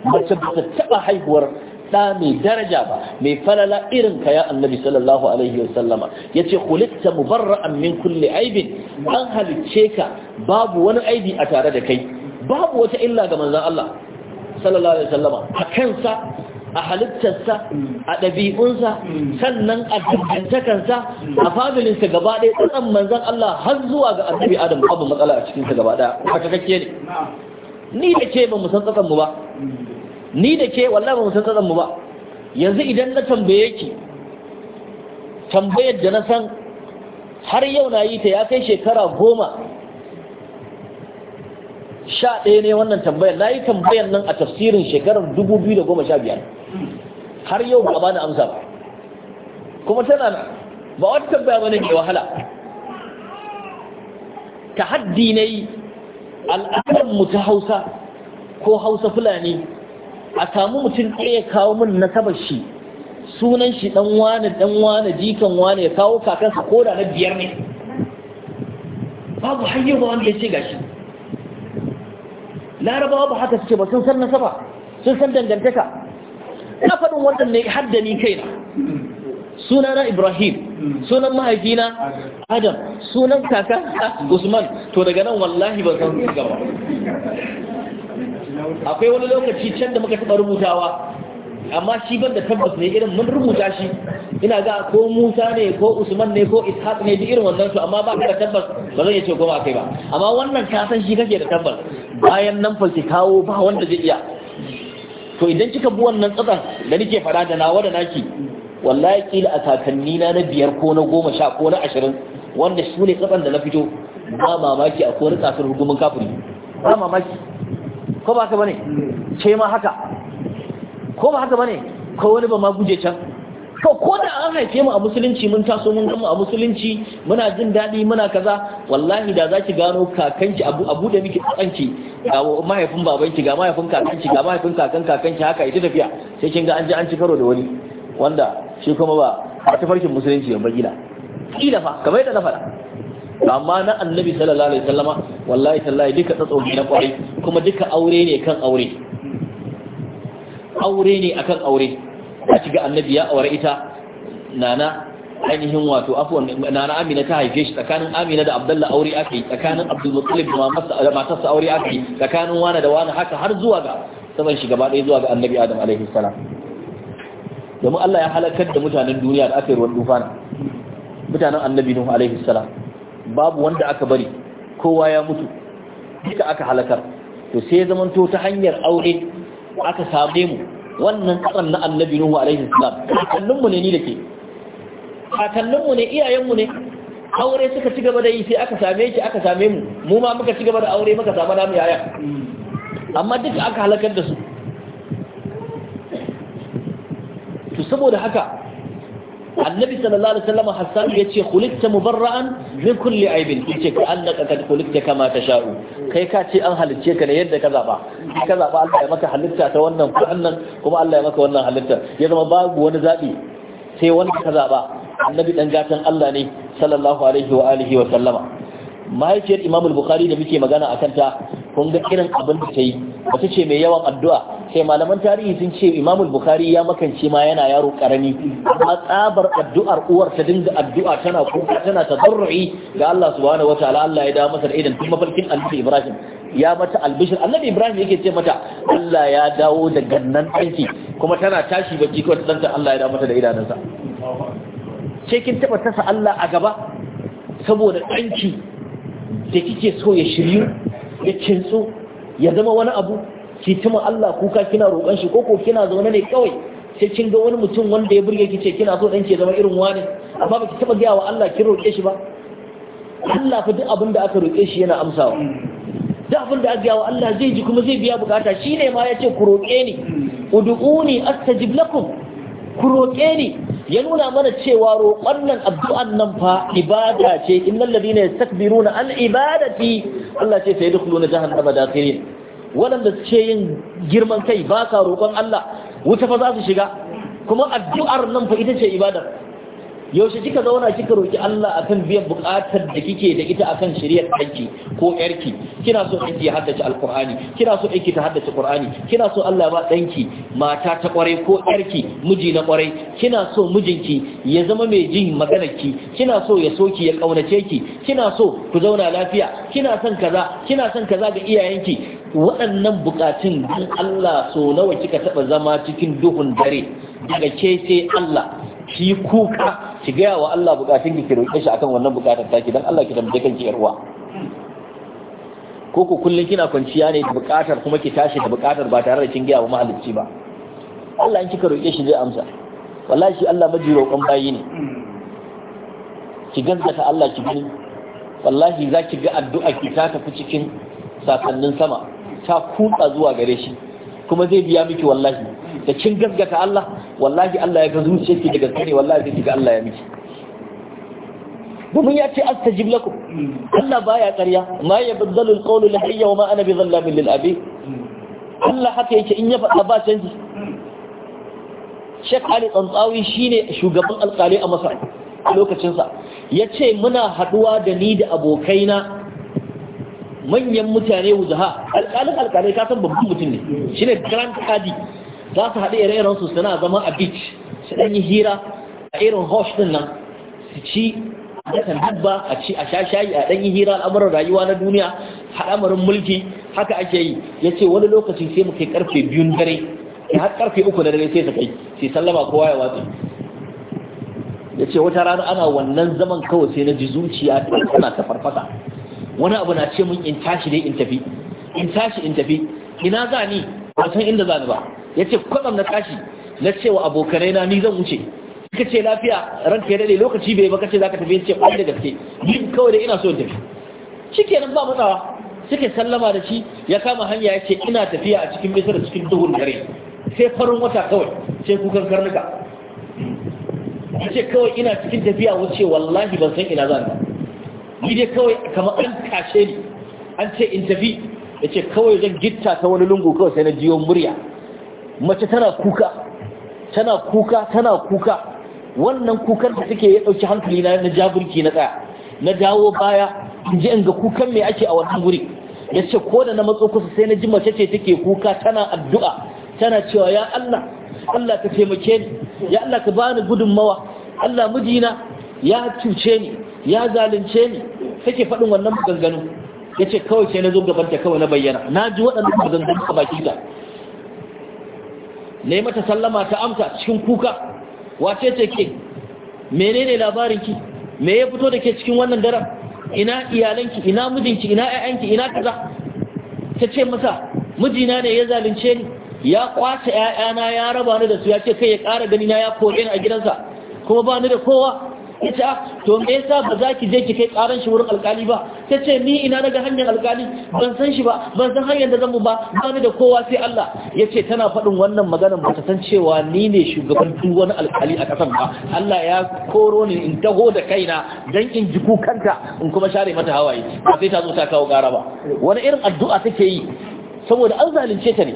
mace ba ta taɓa haihuwar ɗa mai daraja ba mai falala irin ka ya annabi sallallahu alaihi wa sallama ya ce kulitta mubarra'an min kulle aibin an halicce ka babu wani aibi a tare da kai babu wata illa ga manzan Allah sallallahu alaihi wa sallama a kansa a halittarsa a ɗabi'unsa sannan a dangantakarsa a familinsa gaba ɗaya tsanan manzan Allah har zuwa ga annabi adam abu matsala a cikinsa gaba ɗaya haka kake ne ni da ke ba mu san tsatsan mu ba ni da ke wallahi ba mu san tsatsan mu ba yanzu idan na tambaye ki tambayar da na san har yau na yi ta ya kai shekara goma sha ɗaya ne wannan tambayar na yi tambayar nan a tafsirin shekarar 2015 har yau ba a bani amsa ba kuma tana ba wata tambaya ba ne ke wahala ta haddi na yi mu ta hausa ko hausa fulani a samu mutum ɗaya kawo min nasabar shi sunan shi ɗan wane ɗan wane jikan wane ya kawo kakansa ko da na biyar ne babu hanyar ba wanda ya ce gashi larabawa ba haka suke ba sun san nasaba sun san dangantaka ina faɗin wannan ne hadda ni kaina sunana ibrahim sunan mahaifina adam sunan kaka usman to daga nan wallahi ba san gaba akwai wani lokaci can da muka taɓa rubutawa amma shi ban da tabbas ne irin mun rubuta shi ina ga ko Musa ne ko Usman ne ko Ishaq ne duk irin wannan su amma ba ka da tabbas ba zan iya ce goma kai ba amma wannan ka san shi kake da tabbas bayan nan ki kawo ba wanda zai iya to idan kika bu wannan tsatsan da nake fara da nawa da naki wallahi kila a kakanni na na biyar ko na goma sha ko na ashirin wanda su ne tsatsan da na fito ba mamaki a kori kasar hukumin kafiri ba mamaki ko ba ka bane ce ma haka ko ba haka bane ko wani ba ma guje can to ko da an haife mu a musulunci mun taso mun gama a musulunci muna jin daɗi muna kaza wallahi da zaki gano kakanki abu abu da miki tsanki ga mahaifin babanki ga mahaifin kakanki ga mahaifin kakan kakanki haka ita tafiya sai kin ga an ji an ci karo da wani wanda shi kuma ba a tafarkin musulunci ba gida kila fa kamar yadda na faɗa amma na annabi sallallahu alaihi wasallama wallahi tallahi duka tsatsoki na kwari kuma duka aure ne kan aure aure ne akan aure a shiga annabi ya aure ita nana ainihin wato afwan nana amina ta haife shi tsakanin amina da abdullah aure aka yi tsakanin abdul muttalib da matarsa aure aka yi tsakanin wani da wani haka har zuwa ga saman shi gaba ɗaya zuwa ga annabi adam alaihi salam domin Allah ya halakar da mutanen duniya da aka yi ruwan dufana mutanen annabi nuhu alaihi salam babu wanda aka bari kowa ya mutu duka aka halakar to sai zamanto ta hanyar aure aka same mu wannan tsaron na annabi nuhu alaihi salam kakanninmu ne ni da ke kakanninmu ne iyayenmu ne aure suka ci gaba da yi sai aka same ki aka same mu mu ma muka ci gaba da aure muka samu namu yaya amma duka aka halakar da su to saboda haka annabi sallallahu alaihi wasallam hassan ya ce khuliqta mubarra'an min kulli aibin ce ka annaka kad khuliqta kama sha'u. kai ka ce an halicce ka ne yadda ka zaba ka zaba Allah ya maka halitta ta wannan ko kuma Allah ya maka wannan halitta ya zama babu wani zabi sai wanda ka zaba annabi dan gatan Allah ne sallallahu alaihi wa alihi wa sallama mahaifiyar imamul al-Bukhari da muke magana akan ta kun ga irin abin da ta yi wata ce mai yawan addu'a sai malaman tarihi sun ce imamul bukhari ya makance ma yana yaro karami amma tsabar addu'ar uwar ta dinga addu'a tana kuka tana tadarrui ga Allah subhanahu wataala Allah ya da masa da idan kuma falkin annabi Ibrahim ya mata albishir annabi Ibrahim yake ce mata Allah ya dawo da gannan aiki kuma tana tashi baki ko ta danta Allah ya da mata da kin taba tasa Allah a gaba saboda ɗanki da kike so ya shiryu ya kintsu ya zama wani abu ki tuma Allah kuka kina roƙon shi koko kina zaune ne kawai sai kin ga wani mutum wanda ya burge ki ce kina so dan ki zama irin wani amma baki taba gaya wa Allah kin roƙe shi ba Allah fa duk abin da aka roƙe shi yana amsawa duk abin da aka ga wa Allah zai ji kuma zai biya bukata shine ma yace ku roƙe ni uduuni astajib lakum ku roƙe ni ya nuna mana cewa roƙon nan addu'an nan fa ibada ce innal ladina yastakbiruna an ibadati Allah ce sai yadkhuluna jahannama dakhirin waɗanda suke yin girman kai ba ka roƙon Allah wuta fa za su shiga kuma addu'ar nan fa ita ce ibada. yaushe kika zauna kika roki Allah akan biyan bukatar da kike da ita akan shari'ar ɗanki ko ƴarki kina so ɗanki ya haddace alƙur'ani kina so ɗanki ta haddace qur'ani kina so Allah ba danki mata ta ƙwarai ko ƴarki miji na ƙwarai kina so mijinki ya zama mai jin maganarki kina so ya soki ya ƙaunace ki kina so ku zauna lafiya kina son kaza kina son kaza ga iyayenki waɗannan bukatun don Allah so nawa kika taɓa zama cikin duhun dare daga ke sai Allah ki kuka ki gaya wa Allah bukatun ki roƙe shi akan wannan bukatar taki dan Allah ki tambaye kanki yar uwa ko ku kullun kina kwanciya ne da bukatar kuma ki tashi da bukatar ba tare da kin gaya wa mahalicci ba Allah in kika roƙe shi zai amsa wallahi shi Allah maji roƙon bayi ne ki gaskata Allah ki gani wallahi za ki ga addu'a ki ta tafi cikin sakannin sama ta kuka zuwa gare shi kuma zai biya miki wallahi da cin gaskata Allah wallahi Allah ya ga zuciyarki da gaskare wallahi zai ga Allah ya miki domin ya ce astajib lakum Allah baya ƙarya ma ya baddalu alqawlu lahiyya wa ma ana bi dhallamin lil abi Allah haka yake in ya faɗa ba canji Sheikh Ali Tsantsawi shine shugaban alƙali a Masar a lokacin sa yace muna haduwa da ni da abokaina manyan mutane wuzaha alƙalin alƙalai ka san babban mutum ne shine grand qadi za su haɗu ire-iren su suna zama a beach su ɗan yi hira a irin hosh din nan su ci dakan dabba a ci a shashayi a ɗan yi hira al'amuran rayuwa na duniya al'amarin mulki haka ake yi ya ce wani lokacin sai mu kai karfe biyun dare har ƙarfe uku na dare sai su kai sai sallama kowa ya watsa ya ce wata rana ana wannan zaman kawai sai na ji zuciya tana ta farfasa wani abu na ce mun in tashi dai in tafi in tashi in tafi ina za ni ba san inda za ni ba ya ce kwaɗam na tashi na cewa abokanai na ni zan wuce suka ce lafiya ranka ya daɗe lokaci bai baka ce za ka tafi ce ƙwai da gaske ni kawai da ina so tafi shi nan ba matsawa suke sallama da shi ya kama hanya ya ce ina tafiya a cikin misar cikin duhun dare sai farin wata kawai sai kukan karnuka ya ce kawai ina cikin tafiya wuce wallahi ban san ina zan ni dai kawai kamar an kashe ni an ce in tafi ya ce kawai zan gitta ta wani lungu kawai sai na jiyo murya mace tana kuka tana kuka tana kuka wannan kukan da take ya dauki hankali na na jaburki na tsaya na dawo baya in ji in ga kukan me ake a wannan guri ya ce ko da na matso kusa sai na ji mace ce take kuka tana addu'a tana cewa ya Allah Allah ka taimake ni ya Allah ka bani gudunmawa Allah mijina ya cuce ni ya zalunce ni take faɗin wannan maganganu ya ce kawai sai na zo gaban ta kawai na bayyana na ji waɗannan maganganu a baki ta ne mata sallama ta amsa cikin kuka wace ce ke menene labarinki me ya fito da ke cikin wannan daren ina iyalanki ina mijinki ina ƴaƴanki ina kaza ta ce masa mijina ne ya zalunce ni ya kwace ƴaƴana ya raba ni da su ya ce kai ya ƙara gani na ya kore ni a gidansa kuma ba ni da kowa ita ah, to me yasa ba za ki je ki kai karan shi wurin alkali ba ta ce ni ina daga hanyar alkali ban san shi ba ban san hanyar da zan ba ba ni da kowa sai Allah yace tana faɗin wannan magana ba ta san cewa ni ne shugaban duk wani alkali a kasan ba Allah ya koro ni in taho da kaina dan in ji kukanta in kuma share mata hawaye ba sai ta zo ta kawo gara ba wani irin addu'a take yi saboda an zalunce ta ne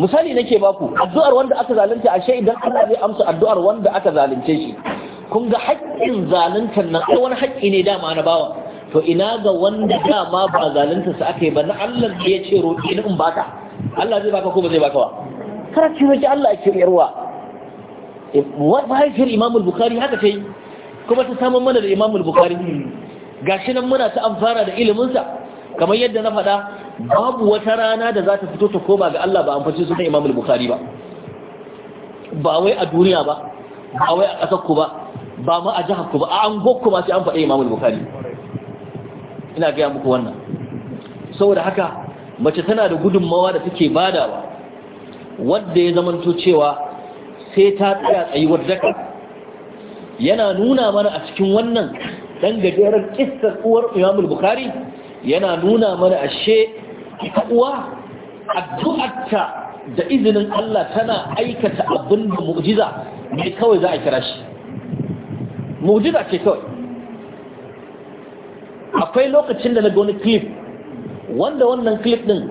misali nake baku addu'ar wanda aka zalunta ashe idan Allah zai amsa addu'ar wanda aka zalunce shi kun ga haƙƙin zaluntar nan ai wani haƙƙi ne dama na bawa to ina ga wanda dama ba zalunta su aka yi ba na Allah da ya ce roƙi ni in baka Allah zai baka ko ba zai baka ba kar ki roƙi Allah ake yarwa eh, wa mahaifiyar Imam Bukhari haka ta yi kuma ta samu mana da Imam Bukhari gashi nan muna ta amfana da ilimin sa kamar yadda na faɗa babu wata rana da za ta fito ta koma ga Allah ba an fashe sunan Imam Bukhari ba ba wai a duniya ba ba wai a ƙasar ku ba ba ma a jihar ku ba a an gokku ma sai an faɗi imamul bukari ina gaya muku wannan saboda haka mace tana da gudunmawa da take badawa wanda ya zamanto cewa sai ta tsaya tsayi tsayuwar daka yana nuna mana a cikin wannan dan gajeren kissar uwar imamul bukari yana nuna mana ashe ita uwa addu'arta da izinin Allah tana aikata abin mu'jiza ne kawai za a kira shi mujiza ce kawai akwai lokacin da na ga wani clip wanda wannan clip din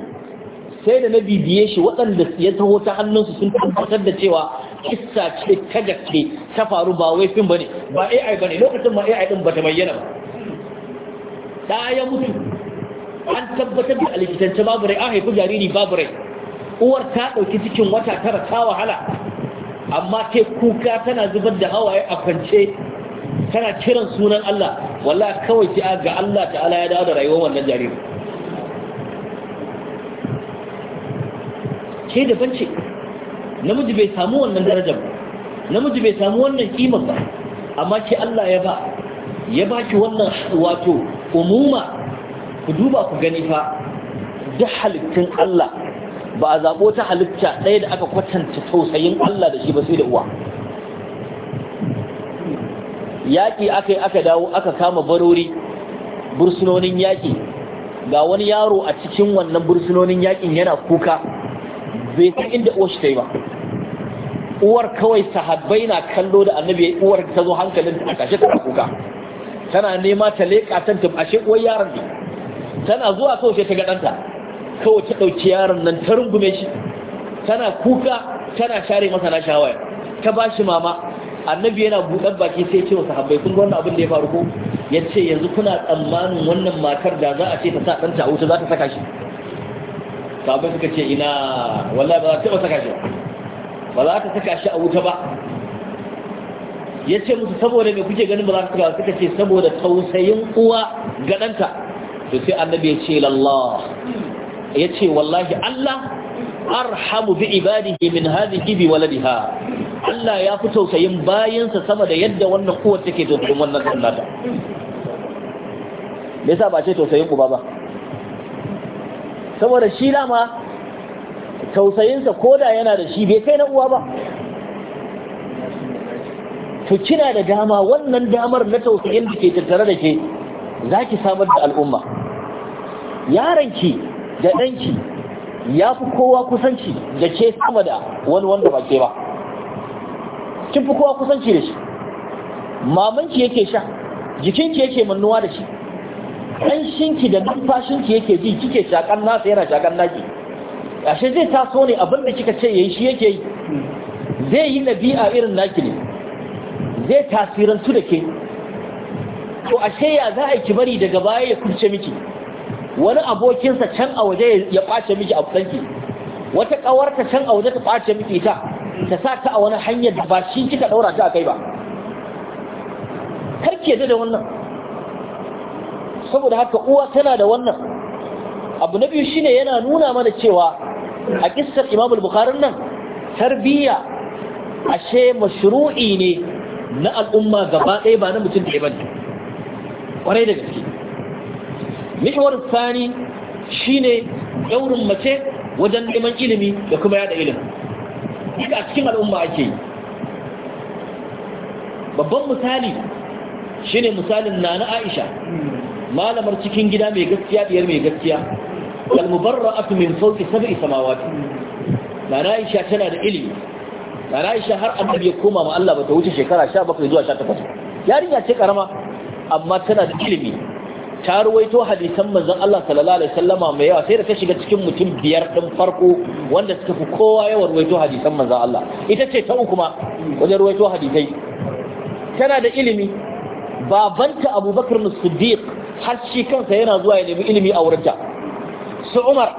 sai da na bibiye shi waɗanda ya taho ta hannunsu sun tabbatar da cewa kissa ce ta gaske ta faru ba wai fim bane ba AI bane lokacin ma AI din bata bayyana ba da ya mutu an tabbatar da alikitance babu rai an haifi jariri babu rai uwar ta ɗauki cikin wata tara ta wahala amma ke kuka tana zubar da hawaye a kwance kana kiran sunan Allah wallahi kawai ki ga Allah ta'ala ya dawo da rayuwar wannan jariri ke da bance namiji bai samu wannan daraja ba namiji bai samu wannan kima ba amma ke Allah ya ba ya ba ki wannan wato umuma ku duba ku gani fa duk halittun Allah ba a zaɓo ta halitta ɗaya da aka kwatanta tausayin Allah da shi ba sai da uwa yaƙi aka yi aka dawo aka kama barori bursunonin yaƙi ga wani yaro a cikin wannan bursunonin yaƙin yana kuka bai san inda uwar shi ta yi ba uwar kawai sahabbai na kallo da annabi uwar ta zo hankalin a kashe ta kuka tana nema ta leƙa tanta ashe uwar yaron ne tana zuwa kawai ta ga ɗanta kawai ta ɗauki yaron nan ta rungume shi tana kuka tana share masa na shawaya ta ba shi mama annabi yana buɗar baki sai ce wasu, sahabbai kun ga wannan abin da ya faru ko ya ce yanzu kuna tsammanin wannan matar da za a ce ta sa ta a wuta za ta saka shi sahabbai suka ce ina wallahi ba za ta taɓa saka shi ba ba za ta saka shi a wuta ba ya ce musu saboda me kuke ganin ba za ta saka suka ce saboda tausayin uwa ga ɗanta to sai annabi ya ce lallah ya ce wallahi Allah arhamu bi ibadihi min hadhihi bi waladiha Allah ya fi tausayin bayan sa sama da yadda wannan uwar take tausayin wannan sallata me yasa ba ce tausayin uba ba saboda shi dama tausayinsa koda yana da shi bai kai na uwa ba to kina da dama wannan damar na tausayin da ke tattare da ke zaki samar da al'umma yaranki da danki. ya fi kowa kusanci da ke sama da wani wanda ba ke ba kin fi kowa kusanci da shi mamanki yake sha jikinki yake mannuwa da shi ƙanshinki da numfashinki yake ji kike shakan nasa yana shakan naki ashe zai taso ne abin da kika ce yayi shi yake yi zai yi nabi'a irin naki ne zai tasirantu da ke to ashe ya za a ki bari daga baya ya kurce miki wani abokinsa can a waje ya ɓace miki a kudanki wata ƙawarta can a waje ta ɓace miki ta ta sa ta a wani hanyar da ba shi kika ɗaura ta a kai ba karki yadda da wannan saboda haka uwa tana da wannan abu na biyu shine yana nuna mana cewa a kissar imamul nan tarbiyya ashe mashru'i ne na al'umma gaba ɗaya ba na mutum da ya bane kwarai da gaske mihwar tsani ne daurin mace wajen neman ilimi da kuma yada ilimi a cikin al'umma ake yi babban misali ne misalin nana aisha malamar cikin gida mai gaskiya biyar mai gaskiya al-mubarra'atu min fawqi sab'i samawati nana aisha tana da ilimi nana aisha har annabi ya koma ma Allah bata wuce shekara 17 zuwa 18 yarinya ce karama amma tana da ilimi ta ruwaito hadisan manzon Allah sallallahu alaihi wasallama mai yawa sai da ta shiga cikin mutum biyar din farko wanda suka fi kowa yawan ruwaito hadisan manzon Allah ita ce ta uku ma wajen ruwaito hadisai tana da ilimi babanta Abubakar Siddiq har shi kansa yana zuwa ya nemi ilimi a wurinta su Umar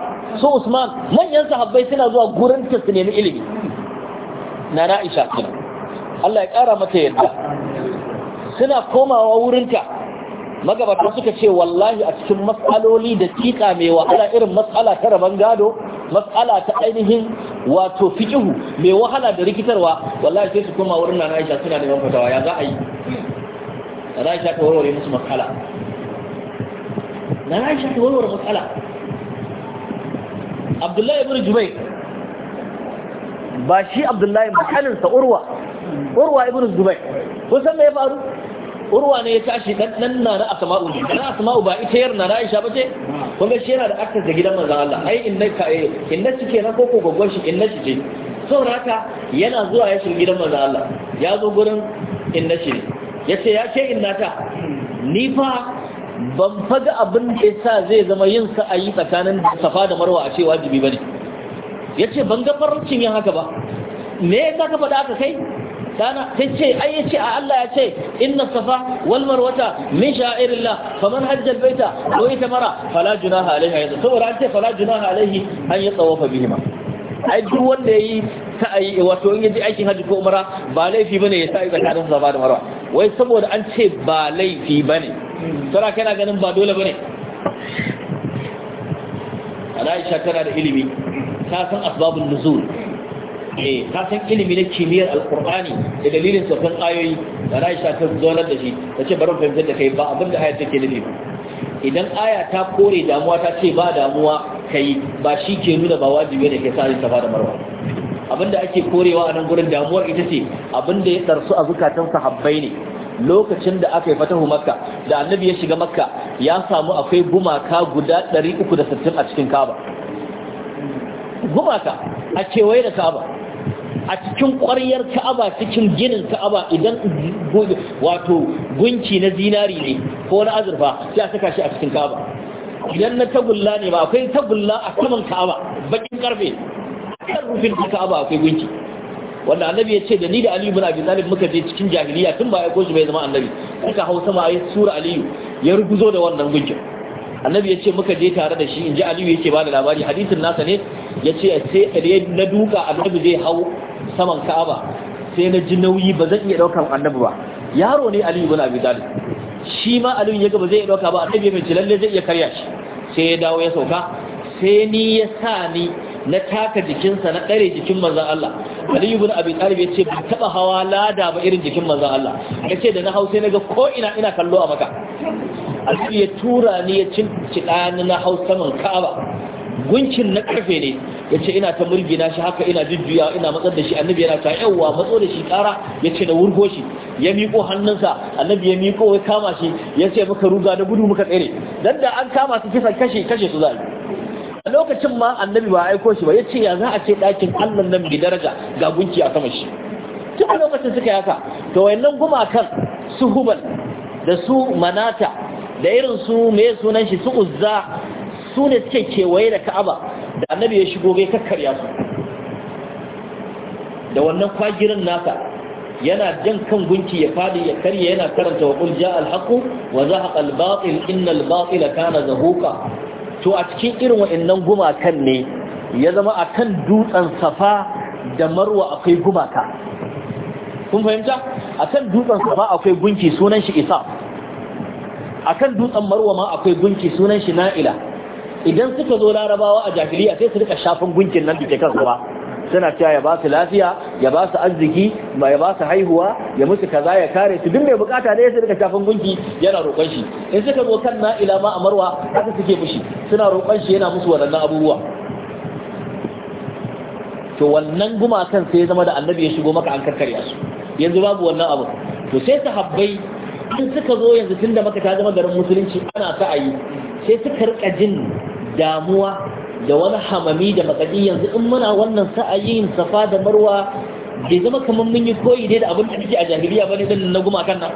su Usman manyan sahabbai suna zuwa gurin ta su nemi ilimi na Aisha Allah ya kara mata yadda suna komawa wurinta magabata suka ce wallahi a cikin matsaloli da tika mai wahala irin matsala ta rabon gado matsala ta ainihin wato fikihu mai wahala da rikitarwa wallahi sai su koma wurin nana aisha suna da fatawa ya za a yi nana aisha ta warware musu matsala nana aisha ta warware matsala abdullahi ibn jubai ba shi abdullahi makalinsa urwa urwa ibn zubai ko san me ya faru urwa ne ya tashi dan nan na asma'u ne na asma'u ba ita yar na Aisha bace kun ga shi yana da akta da gidan manzon Allah ai inna ka ai eh, inna cike na koko gogon shi inna cike saboda yana zuwa ya shiga gidan manzon Allah ya zo gurin inna shi yace ya ce inna ta ni fa ban faga abin da yasa zai zama yin sa ayi tsakanin Safa da Marwa a ce wajibi bane yace ban ga farcin yin haka ba me yasa ka faɗa aka kai dana sai ce ai yace a Allah ya ce inna safa wal marwata min sha'irillah faman hajja al baita aw itamara fala junaha alaihi saboda an ce fala junaha alaihi an ya tsawafa bihima ai duk wanda yayi sa'ayi wato in yaji aikin hajji ko umara ba laifi bane ya sa'i tsakanin safa da marwa wai saboda an ce ba laifi bane sara kana ganin ba dole bane Aisha tana da ilimi ta san asbabun nuzul eh ka san ilimi na kimiyyar alkur'ani da dalilin sabbin ayoyi da isa kan da shi tace bari mu da kai ba abin da ayat take nufi idan aya ta kore damuwa ta ce ba damuwa kai ba shi ke nuna ba wajibi ne kai sa'in ta da marwa da ake korewa a nan gurin damuwar ita ce abin da ya tsarsu a zukatan sahabbai ne lokacin da aka yi fatahu makka da annabi ya shiga makka ya samu akwai gumaka guda 360 a cikin kaba gumaka a kewaye da kaba a cikin ƙwaryar ka'aba cikin ginin ka'aba idan wato gunki na zinari ne ko na azurfa sai a saka shi a cikin ka'aba idan na tagulla ne ba akwai tagulla a saman ka'aba bakin karfe a rufin ka'aba akwai gunki wanda annabi ya ce da ni da aliyu bin abi talib muka je cikin jahiliya tun ba ya goshi bai zama annabi suka hau sama ayi sura aliyu ya ruguzo da wannan gunki. annabi ya ce muka je tare da shi in ji aliyu yake ba da labari hadisin nasa ne ya ce sai na duka annabi zai hau saman ka'aba sai na ji nauyi ba zan iya ɗaukar annabi ba yaro ne Aliyu bin abi talib shi ma aliyu ya ba zai iya ɗauka ba annabi mai lalle zai iya karya shi sai ya dawo ya sauka sai ni ya sa ni na taka jikinsa na ɗare jikin manzan Allah Aliyu bin Abi Talib ya ce ba taɓa hawa lada ba irin jikin manzan Allah ya ce da na hau sai na ga ko ina ina kallo a maka aliyu ya tura ni ya cin ɗani na hau saman Ka'aba guncin na karfe ne ya ce ina ta na shi haka ina jujjuya ina matsar da shi annabi yana ta yawwa matso da shi kara ya ce da wurgo shi ya miƙo hannunsa annabi ya miƙo ya kama shi ya ce muka ruga da gudu muka tsere dan da an kama su kisan kashe kashe su zai a lokacin ma annabi ba aiko shi ba ya ce ya za a ce ɗakin allan nan bi daraja ga gunki a sama shi tun lokacin suka haka, to wayannan gumakan su hubal da su manata da irin su mai sunan shi su uzza su ne suke kewaye da ka'aba da annabi ya shigo bai kakkarya su da wannan kwagirin nasa yana jan kan gunki ya fadi ya karya yana karanta wa qul jaa al wa zahaqa al-batil inna al-batila kana zahuqa to a cikin irin wa'annan gumakan ne ya zama akan dutsen safa da marwa akwai gumaka kun fahimta akan dutsen safa akwai gunki sunan shi isa akan dutsen marwa ma akwai gunki sunan shi na'ila idan suka zo larabawa a jahiliya sai su rika shafin gunkin nan da ke kan ruwa suna cewa ya ba su lafiya ya ba su arziki ma ya ba su haihuwa ya musu kaza ya kare su duk mai bukata ne su rika shafin gunki yana roƙon shi in suka zo kan na ila ma amarwa haka suke mushi suna roƙon shi yana musu waɗannan abubuwa to wannan gumakan sai ya zama da annabi ya shigo maka an karkarya su yanzu babu wannan abu to sai sahabbai in suka zo yanzu tunda maka ta zama garin musulunci ana sa'ayi sai suka rika jin damuwa da wani hamami da makadi yanzu in muna wannan sa'ayin safa da marwa bai zama kamar mun yi koyi ne da abin da kike a jahiliya bane din na kan nan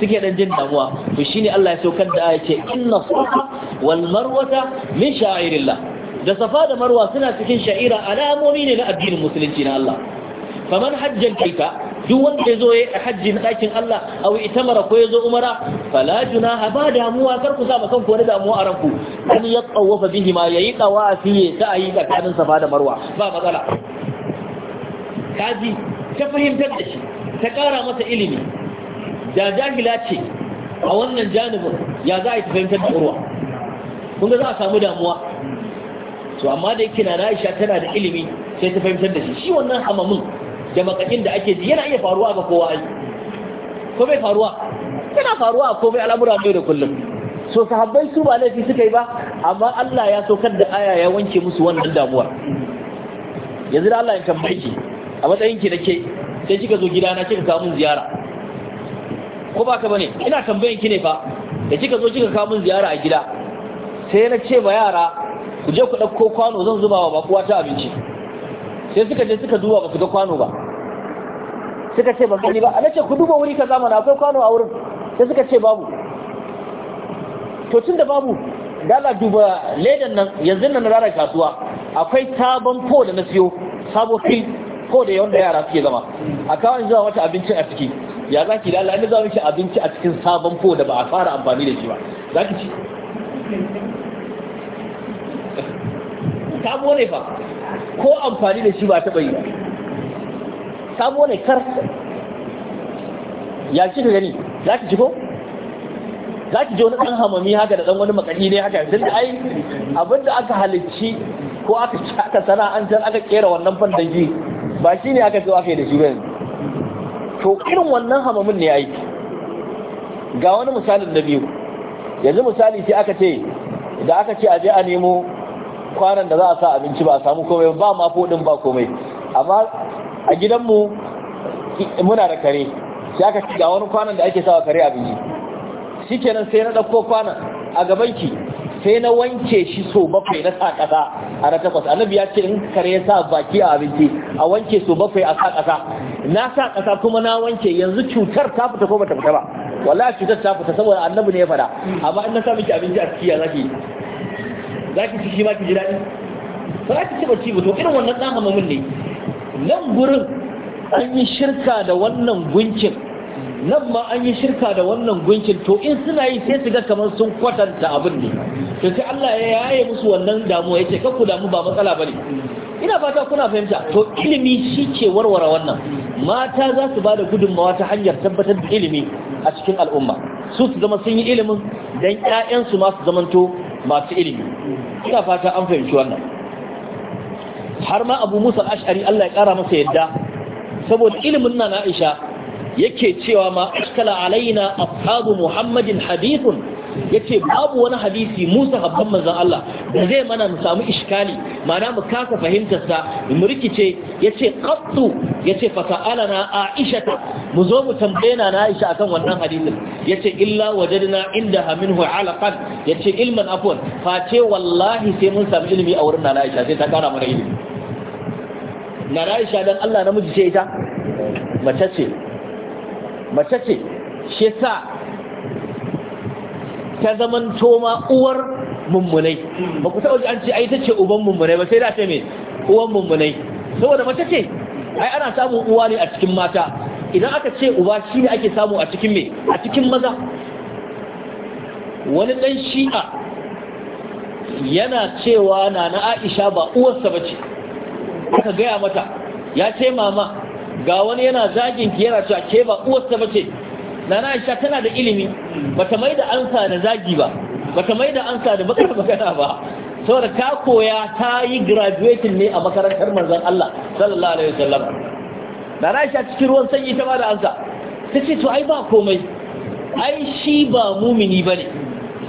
suke dan jin damuwa to shine Allah ya saukar da yace, ce inna safa wal marwata min sha'irillah da safa da marwa suna cikin sha'ira alamomi ne na addinin musulunci na Allah faman hajjan kaita duk wanda ya zo ya hajji na ɗakin Allah ita mara ko ya zo umara fala junaha ba damuwa kar ku sa ba kanku wani damuwa a ranku an ya tsawafa bihi ma yayi tawafi ta ayi tsakanin safa da marwa ba matsala kaji ta fahimtar da shi ta ƙara masa ilimi da jahila ce a wannan janibin ya za a yi fahimtar da urwa kun ga za a samu damuwa to amma da yake na Aisha tana da ilimi sai ta fahimtar da shi shi wannan hamamun? da makakin da ake ji yana iya faruwa ga kowa ai ko bai faruwa yana faruwa a komai al'amura ne da kullum so sahabbai su ba laifi suka yi ba amma Allah ya saukar da aya ya wanke musu wannan damuwar yanzu da Allah ya tambaye ki a matsayin ki nake sai kika zo gida na kika kawo mun ziyara ko ba ka bane ina tambayan ki ne fa da kika zo kika kawo mun ziyara a gida sai na ce ma yara ku je ku ɗauko kwano zan zuba wa bakuwa ta abinci sai suka je suka duba ba su ga kwano ba suka ce ba gani ba ana ce ku duba wuri ka zamana akwai kwano a wurin sai suka ce babu to tun da babu dala duba ledan nan yanzu nan rara kasuwa akwai sabon ko da na siyo sabo fil ko da yawan da yara suke zama a kawo in zuwa abincin a ciki ya za ki dala ina mu ci abinci a cikin sabon ko da ba a fara amfani da shi ba za ki ci [laughs] sabo ne fa ko amfani da shi ba taɓa yi sabo ne kar ya kika gani za ki ko? za ki ji wani ɗan hamami haka da ɗan wani makani ne haka yanzu da ai abinda aka halicci ko aka aka sana'antar aka kera wannan fandangi ba shi ne aka zo aka yi da shi ba yanzu to irin wannan hamamin ne aiki ga wani misalin na biyu yanzu misali sai aka ce da aka ce a je a nemo kwanan da za a sa abinci ba a samu komai ba ma fudin ba komai amma a gidanmu muna da kare sai aka ci ga wani kwanan da ake sawa kare abinci shikenan sai na dauko kwanan a gaban ki sai na wanke shi so bakwai na sa kasa a na takwas annabi ya ce in kare ya sa baki a abinci a wanke so bakwai a sa kasa na sa kasa kuma na wanke yanzu cutar ta fita ko bata fita ba wallahi cutar ta fita saboda annabi ne ya fada amma in na sa miki abinci a ciki ya zaki za ki ci ma ki ji daɗi ba za ki ci bacci ba to irin wannan ɗan hamamin ne nan gurin an yi shirka da wannan gunkin nan ma an yi shirka da wannan gunkin to in suna yi sai su ga kamar sun kwatanta abin ne to sai Allah ya yaye musu wannan damuwa ya ce ku damu ba matsala bane ina fata kuna fahimta to ilimi shi ke warware wannan mata za su bada gudunmawa ta hanyar tabbatar da ilimi a cikin al'umma su su zama sun yi ilimin dan 'ya'yansu ma su zamanto masu ilimi ina fata an fahimci wannan har ma abu musa ash'ari Allah ya kara masa yadda saboda ilimin nan Aisha yake cewa ma ashkala alaina ashabu muhammadin hadithun yace babu wani hadisi Musa habban manzan Allah da zai mana mu samu iskali mana mu kasa fahimtar sa mu rikice yace qattu yace fa sa'alana Aisha mu zo mu tambaye na Aisha akan wannan hadisin yace illa wajadna indaha minhu alaqan yace ilman afwan face wallahi sai mun samu ilimi a wurin na Aisha sai ta kara mana ilimi na Aisha dan Allah namiji ce ita mace ce mace ce shi sa ta zaman toma uwar mummunai ba ku taɓa an ce ai ta ce uban mummunai ba sai da ce me uwan mummunai saboda mace ce ai ana samun uwa ne a cikin mata idan aka ce uba shi ne ake samu a cikin mai a cikin maza wani ɗan shi'a yana cewa na na aisha ba uwarsa ba ce aka gaya mata ya ce mama ga wani yana zagin ki yana cewa ke ba uwarsa ba ce nana aisha tana da ilimi bata mai da ansa da zagi ba bata mai da ansa da bakar [laughs] magana ba saboda ta koya ta yi graduating ne a makarantar manzon Allah sallallahu alaihi wasallam na aisha cikin ruwan sanyi ta ba da ansa ta ce to ai ba komai ai shi ba mumini bane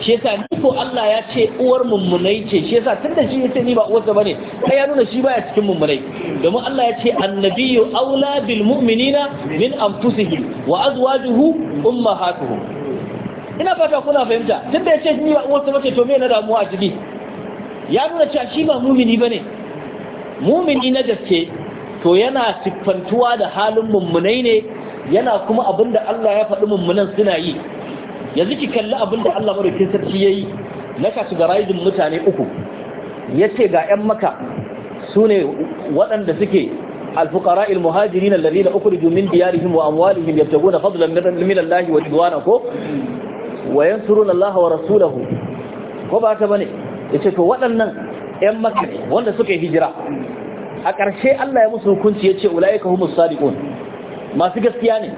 shi yasa ni ko Allah ya ce uwar mummunai ce shi yasa tunda shi yace ni ba uwarsa bane kai ya nuna shi baya cikin mummunai domin Allah ya ce annabiyyu aula bil mu'minina min anfusihim wa azwajuhu ummahatuhum ina fata kuna fahimta tunda yace ni ba uwarsa bace to me na damuwa a ciki ya nuna cewa shi ba mumini bane mumini na gaske to yana siffantuwa da halin mummunai ne yana kuma abinda Allah ya faɗi mummunan suna yi yanzu ki kalli abin da Allah madaukakin sarki yayi na ga kategorizing mutane uku yace ga ƴan maka sune waɗanda suke الفقراء المهاجرين الذين أخرجوا من ديارهم وأموالهم يبتغون فضلا من الله ورضوانه وينصرون الله ورسوله ko wa wa Ko ba ta bane yace to waɗannan ƴan maka wanda suka hijira a ƙarshe Allah ya musu hukunci yace ulaika humus sadiqun masu gaskiya ne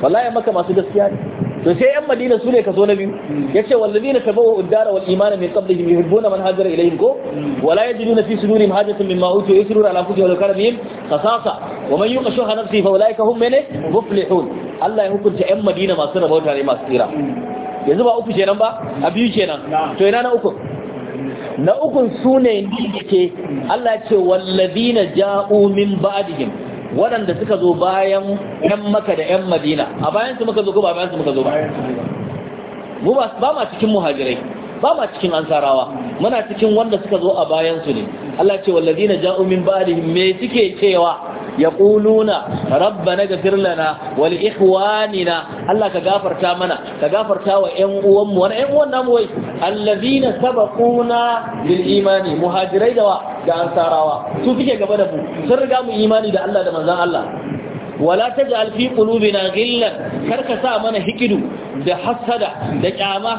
wallahi maka masu gaskiya ne to sai yan madina su ne kaso na biyu yace wallazina tabawu uddara wal imana min qablihim yuhibbuna man hajara ilayhim ko wala yajiduna fi sudurihim hajatan mimma ya yusruna ala anfusihim wa karamihim qasasa wa man yuqa shuha nafsihi fa ulaika hum min muflihun Allah ya hukunta yan madina masu rabauta ne masu tsira yanzu ba uku kenan ba a biyu kenan to ina na uku na ukun su ne ke Allah ce wallazina ja'u min ba'dihim waɗanda suka zo bayan ‘yan maka da ‘yan madina a bayan su muka zo ko ba bayan su muka zo ba mu ba ma cikin muhajirai ba ma cikin ansarawa muna cikin wanda suka zo a bayan su ne Allah ce wallazina ja'u min ba'dihim me suke cewa yaquluna rabbana ghfir lana wa li ikhwanina Allah ka gafarta mana ka gafarta wa ƴan uwanmu wani ƴan uwan namu wai allazina sabaquna bil imani muhajirai da da ansarawa su suke gaba da mu sun riga mu imani da Allah da manzon Allah wala taj'al fi qulubina ghillan karka sa mana hikidu da hasada da kyama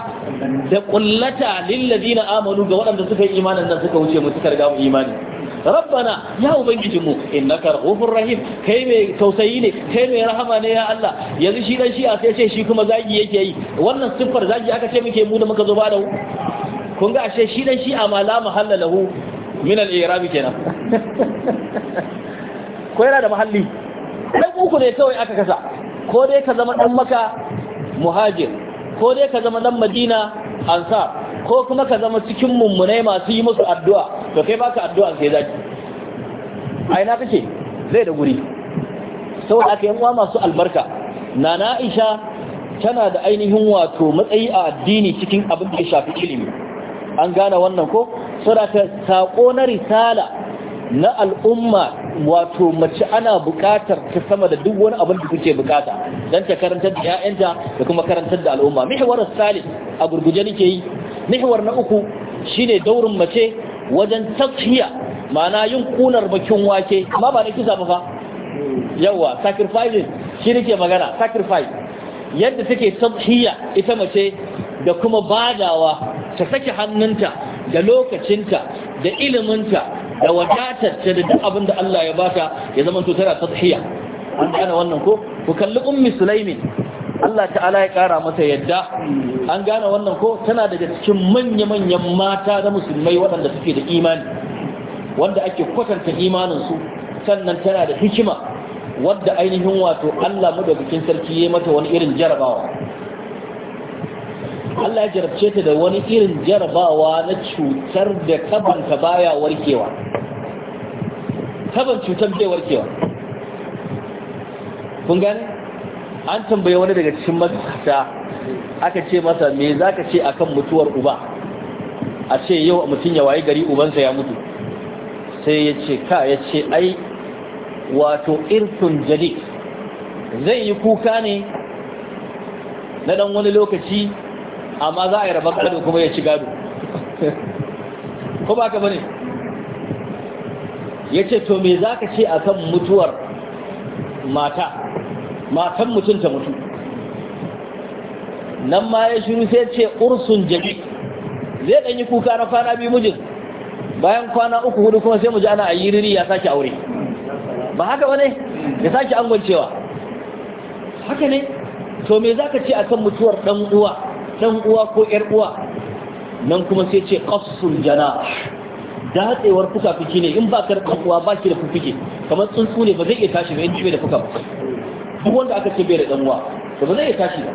da kullata lil ladina amanu ga waɗanda suka yi imanin nan suka wuce mu suka riga mu imani rabbana ya ubangijinmu innaka rahufur rahim kai mai tausayi ne kai mai rahama ne ya Allah yanzu shi dan shi a sai ce shi kuma zagi yake yi wannan siffar zagi aka ce muke mu da muka zo ba da kun ga ashe shi dan shi a mala mahalla lahu min al-i'rab kenan [laughs] ko yana da mahalli dan uku ne kawai aka kasa ko dai ka zama dan maka muhajir ko dai ka zama dan madina ansar ko kuma ka zama cikin mummunai masu yi musu addu'a to kai baka addu'a sai zaki a ina kake zai da guri saboda aka uwa masu albarka nana aisha tana da ainihin wato matsayi a addini cikin abin da ya shafi ilimi an gane wannan ko saboda saƙo na risala na al'umma wato mace ana buƙatar ta sama da duk wani abin da kuke buƙata don ta karantar da 'ya'yanta da kuma karantar da al'umma mihawar salih a gurguje nake yi mihwar na uku shine daurin mace wajen tashiya ma'ana yin kunar bakin wake amma ba na kisa ba fa yawa sacrifice shi nake magana sacrifice yadda take tashiya ita mace da kuma badawa ta saki hannunta da lokacinta da iliminta da wadatarta da duk abin da Allah ya bata ya zama to tana tashiya an gane wannan ko ku kalli ummi sulaimin Allah ta'ala ya kara masa yadda an gane wannan ko tana daga cikin manya-manyan mata da musulmai waɗanda suke da imani wanda ake kwatanta imaninsu sannan tana da hikima wadda ainihin wato Allah mu da bikin sarki ya mata wani irin jarabawa Allah ya jarabce ta da wani irin jarabawa na cutar da kabanta baya warkewa kaban cutar bai warkewa kun gane an tambaye wani daga cikin matasa aka ce masa me za ka ce akan mutuwar uba a ce yau mutum ya waye gari ubansa ya mutu sai ya ce ka ya ce ai wato irtun jali zai yi kuka ne na dan wani lokaci amma za a yi rabar gado kuma ya ci gado [laughs] kuma ba bane ya ce to me za ka ce akan mutuwar mata matan mutum ta mutu nan ma ya shiru sai ce ursun jami zai ɗan yi kuka na kwana biyu mijin bayan kwana uku hudu kuma sai mu ana a yi riri ya sake aure ba haka ba ne ya sake angoncewa haka ne to me za ka ce a kan mutuwar ɗan uwa ɗan uwa ko ‘yar uwa nan kuma sai ce ƙasusun jana datsewar fuka-fuki ne in ba ka da uwa ba ki da fuka kamar tsuntsu ne ba zai iya tashi ba in ji da fuka ba. duk wanda aka ce bai da danuwa uwa to ba zai iya tashi ba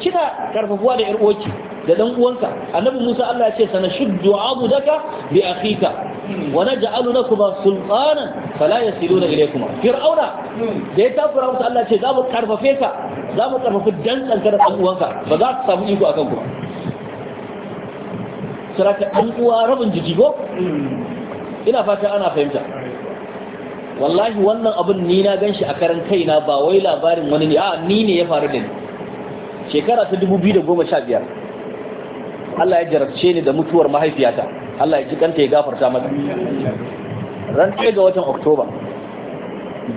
kina karfafuwa da yar uwarki da dan uwanka annabi Musa Allah ya ce sana shuddu abudaka bi akhika wa naj'alu lakuma sultanan fala yasiluna ilaykuma fir'auna da ya tafura musu Allah ya ce za mu karfafe ka za mu karfafi dantsan ka da uwanka ba za ka samu iko akan ku saraka dan uwa rabin jijigo ina fata ana fahimta wallahi wannan abin ni na ganshi a karan kaina ba wai labarin wani ne a ni ne ya faru da ni shekara ta 2015 Allah ya jarabce ni da mutuwar mahaifiyata Allah ya ji kanta ya gafarta mata ran ɗaya ga watan oktoba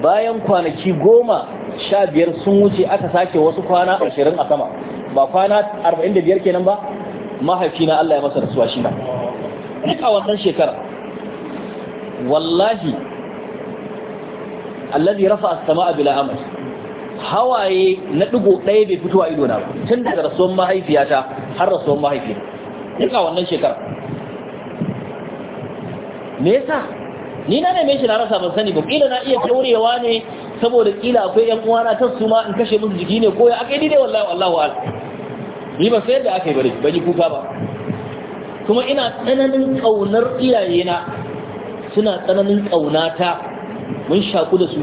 bayan kwanaki goma sha biyar sun wuce aka sake wasu kwana ashirin a sama ba kwana arba'in da biyar kenan ba mahaifina Allah ya masa rasuwa shi ba Ni a wannan shekara wallahi allazi rafa as-samaa bila amal hawaye na digo ɗaya bai fito a ido na tun daga rasuwan mahaifiyata har rasuwan mahaifiyata duk a wannan shekara me yasa ni na neme shi na rasa ban sani ba kila na iya taurewa ne saboda kila akwai yan uwana ta su ma in kashe musu jiki ne ko ya akai dai wallahi wallahi wal ni ba sai da akai bari ban yi kuka ba kuma ina tsananin kaunar iyayena suna tsananin kaunata mun shaku da su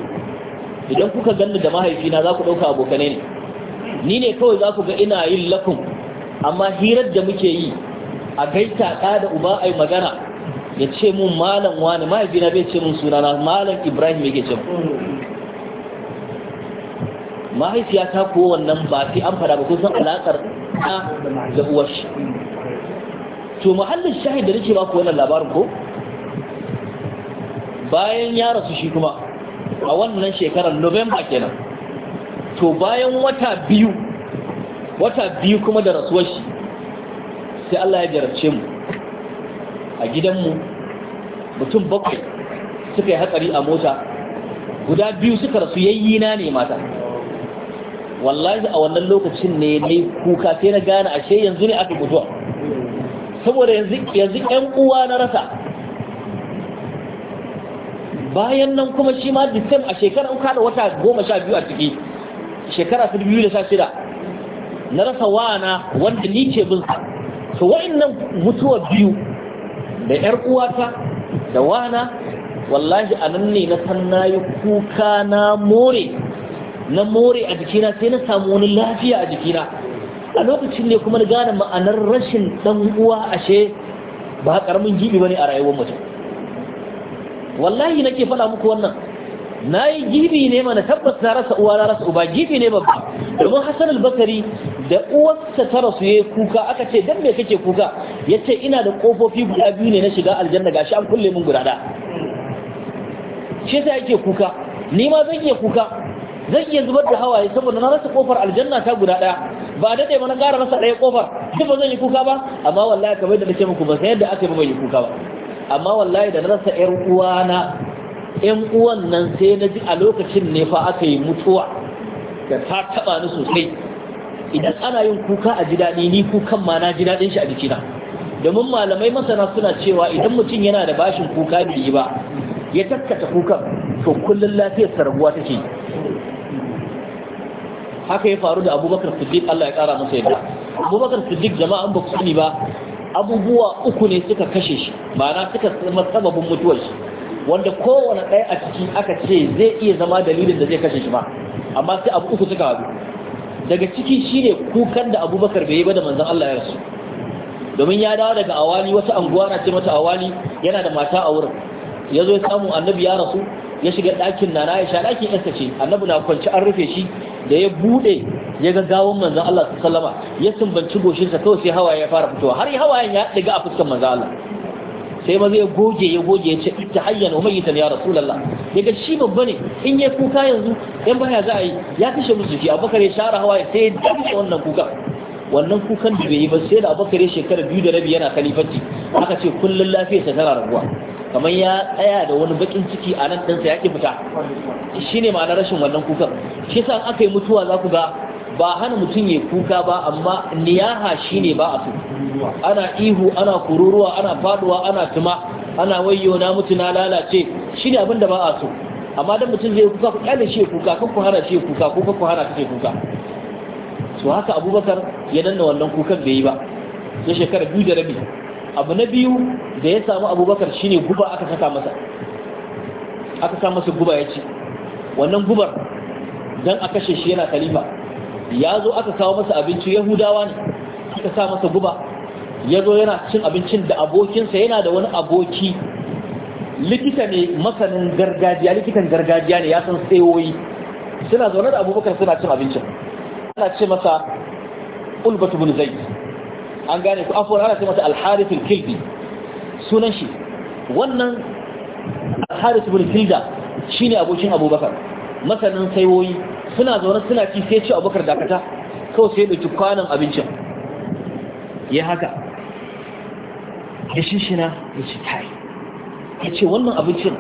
idan kuka ganni da mahaifina za ku ɗauka abokanai ne ni ne kawai za ku ga ina yin lakum amma hirar da muke yi a gaita ɗa da uba ai magana ya ce mun malam wani mahaifina bai ce mun suna na malam ibrahim yake ce mahaifiya ta kuwa wannan ba fi an fara ba ko san alaƙar ɗa da uwar shi to muhallin shahid da nake ba ku wannan labarin ko bayan ya rasu shi kuma a wannan shekarar november kenan to bayan wata biyu wata biyu kuma da rasuwar shi sai Allah ya jarabce mu a gidanmu mutum bakwai suka yi hatsari a mota guda biyu suka rasu yayyina ne mata wallahi a wannan lokacin ne kuka sai na gane ashe yanzu ne aka mutuwa saboda yanzu yan uwa na rasa bayan nan kuma shi ma disem a shekara uka da wata goma sha biyu a ciki shekara ta biyu da sha shida na rasa wana wanda ni ce bin to wa'annan mutuwa biyu da yar uwata da wana wallahi a nan ne na san na yi kuka na more na more a jikina sai na samu wani lafiya a jikina a lokacin ne kuma na gane ma'anar rashin dan uwa ashe ba karamin gibi bane a rayuwar mutum wallahi nake faɗa muku wannan na yi gibi ne mana tabbas na rasa uwa na rasa uba gibi ne babba domin hassan albakari da uwarsa ta rasu ya kuka aka ce dan me kake kuka ya ce ina da ƙofofi guda biyu ne na shiga aljanna gashi an kulle min guda ɗaya shi yasa yake kuka ni ma zan iya kuka zan iya zubar da hawaye saboda na rasa ƙofar aljanna ta guda ɗaya ba daɗe ba mana ƙara rasa ɗaya kofar duk ba zan yi kuka ba amma wallahi kamar da nake muku ba sai yadda aka yi ba yi kuka ba amma wallahi da na rasa ƴar uwana ƴan uwan nan sai na ji a lokacin ne fa aka yi mutuwa da ta taba ni sosai idan ana yin kuka a ji daɗi ni kukan ma na ji daɗin shi a jikina domin malamai masana suna cewa idan mutum yana da bashin kuka bai yi ba ya takkata kukan to kullum lafiyar sarguwa take haka ya faru da abubakar siddiq allah ya kara masa yadda abubakar siddiq jama'an ba ku sani ba abubuwa uku ne suka kashe shi ma'ana suka zama sababin mutuwar shi wanda kowane ɗaya a ciki aka ce zai iya zama dalilin da zai kashe shi ba amma sai abu uku suka haɗu daga ciki shine kukan da abubakar bai yi ba da manzon Allah ya rasu domin ya dawo daga awali wata anguwa na ce mata awali yana da mata a wurin ya zo ya samu annabi ya rasu ya shiga ɗakin nana ya sha ɗakin yarsa ce annabi na kwanci an rufe shi da ya bude ya ga gawon manzan Allah sallama ya sumbanci goshinsa kawai sai hawaye ya fara fitowa har hawayen ya daga a fuskan manzan Allah sai maza ya goge ya goge ya ce ita hayyan umayyitan ya ya daga shi babba ne in ya kuka yanzu yan baya za a yi ya kashe musu shi, abubakar ya share hawaye sai ya dace wannan kuka wannan kukan da bai yi ba sai da abubakar ya shekara biyu da rabi yana kalifanci aka ce kullum kullun lafiyarsa tana raguwa kamar ya tsaya da wani bakin ciki a nan ɗansa ya ƙi fita shi ne ma'anar rashin wannan kukan shi sa aka yi mutuwa za ku ga ba hana mutum ya kuka ba amma niyaha shi ne ba a so ana ihu ana kururuwa ana faduwa ana tuma ana wayo na mutu na lalace shi ne abin da ba a so amma dan mutum zai kuka ku kyale shi kuka kan ku hana shi kuka ko ku hana shi kuka so haka abubakar ya danna wannan kukan bai yi ba sai shekara biyu da rabi abu na biyu da ya samu abubakar shine guba aka saka masa aka sa masa guba ya ci wannan gubar don a kashe shi yana khalifa ya zo aka kawo masa abinci yahudawa ne aka sa masa guba ya zo yana cin abincin da abokinsa yana da wani aboki likita ne masanin gargajiya likitan gargajiya ne ya san tsayoyi suna zaune da abubakar suna cin abincin ana ce masa ulbatu bin an gane ku afuwar ana ce masa alharifin kilbi sunan shi wannan alharifin bin kilda shi ne abokin abubakar masanin saiwoyi suna zaune suna ci sai ci abubakar dakata kawai sai ɗauki kwanan abincin ya haka ya shishina ya ce kai ya ce wannan abincin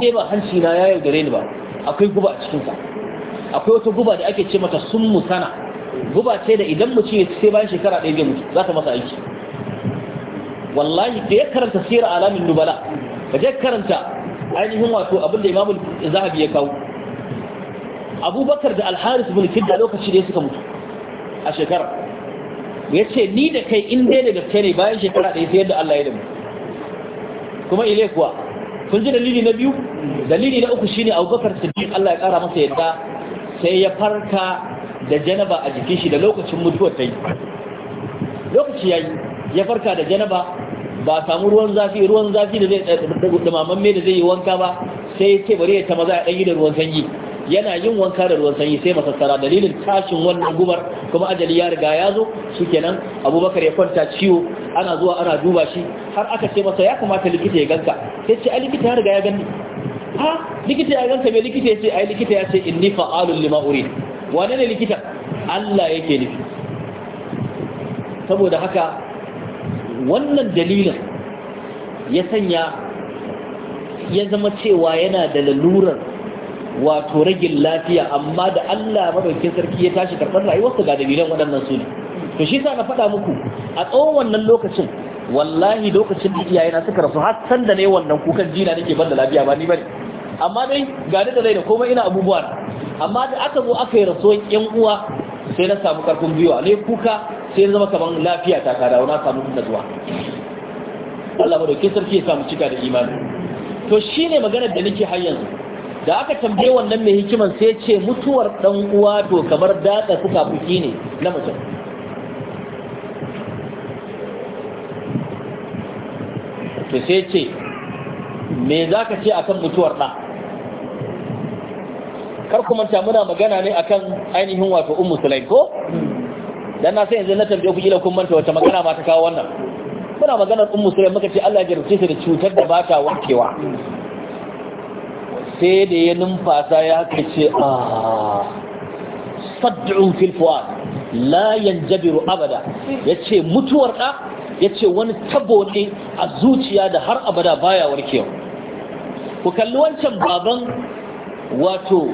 ke ba hanci na ya yaudare ni ba akwai guba a cikinsa akwai wata guba da ake ce mata sun musana guba ce da idan mutum ya sai bayan shekara ɗaya zai mutu za ta masa aiki wallahi da ya karanta sirar alamin nubala ka je karanta ainihin wato abin da imamul zahabi ya kawo abubakar da alharis bin fidda lokaci da ya suka mutu a shekara ya ce ni da kai in dai da gaske ne bayan shekara ɗaya sai yadda Allah ya da mu kuma ile kuwa kun ji dalili na biyu dalili na uku shine abubakar siddiq Allah ya kara masa yadda sai ya farka da janaba a jikin shi da lokacin mutuwar ta yi lokaci ya yi ya farka da janaba ba a samu ruwan zafi ruwan zafi da zai dumamamme da zai yi wanka ba sai ce bari ya ta maza a ɗanyi da ruwan sanyi yana yin wanka da ruwan sanyi sai masassara dalilin tashin wannan gubar kuma ajali ya riga ya zo shikenan abubakar ya kwanta ciwo ana zuwa ana duba shi har aka ce masa ya kamata likita ya ganka sai ce ai likita ya riga ya ganni? ha likita ya ganka mai likita ya ce ai likita ya ce inni fa'alun lima wane ne likita? Allah yake nufi saboda haka wannan dalilin ya sanya ya zama cewa yana da lalurar wato ragin lafiya amma da Allah madaukin sarki ya tashi karɓar rayuwarsa ga dalilan waɗannan su ne to shi sa na faɗa muku a tsawon wannan lokacin wallahi lokacin da na suka rasu har san da ne wannan kukan jina nake ban da lafiya ba ni bane amma dai ga da rai da komai ina abubuwa amma da aka zo aka yi rasuwan yan uwa sai na samu karfin gwiwa ne kuka sai zama kamar lafiya ta kada na samu zuwa Allah madaukin sarki ya samu cika da imani to shi ne maganar da nake har yanzu da aka tambaye wannan mai hikiman sai ce mutuwar dan uwa to kamar datsa kuka fuki ne na mutum to sai ce me zaka ce akan mutuwar ɗan kar kuma ta muna magana ne akan ainihin wato ummu sulaim ko dan na sai yanzu na tambaye ku kila kun manta wata magana ma ta kawo wannan muna magana ummu sulaim muka ce Allah ya jarrace ta da cutar da bata warkewa sai da ya numfasa ya haka ce a ah, fil fuad la yanjabiru abada yace mutuwar da yace wani tabo ne a zuciya da har abada baya warkewa ku kalli wancan baban wato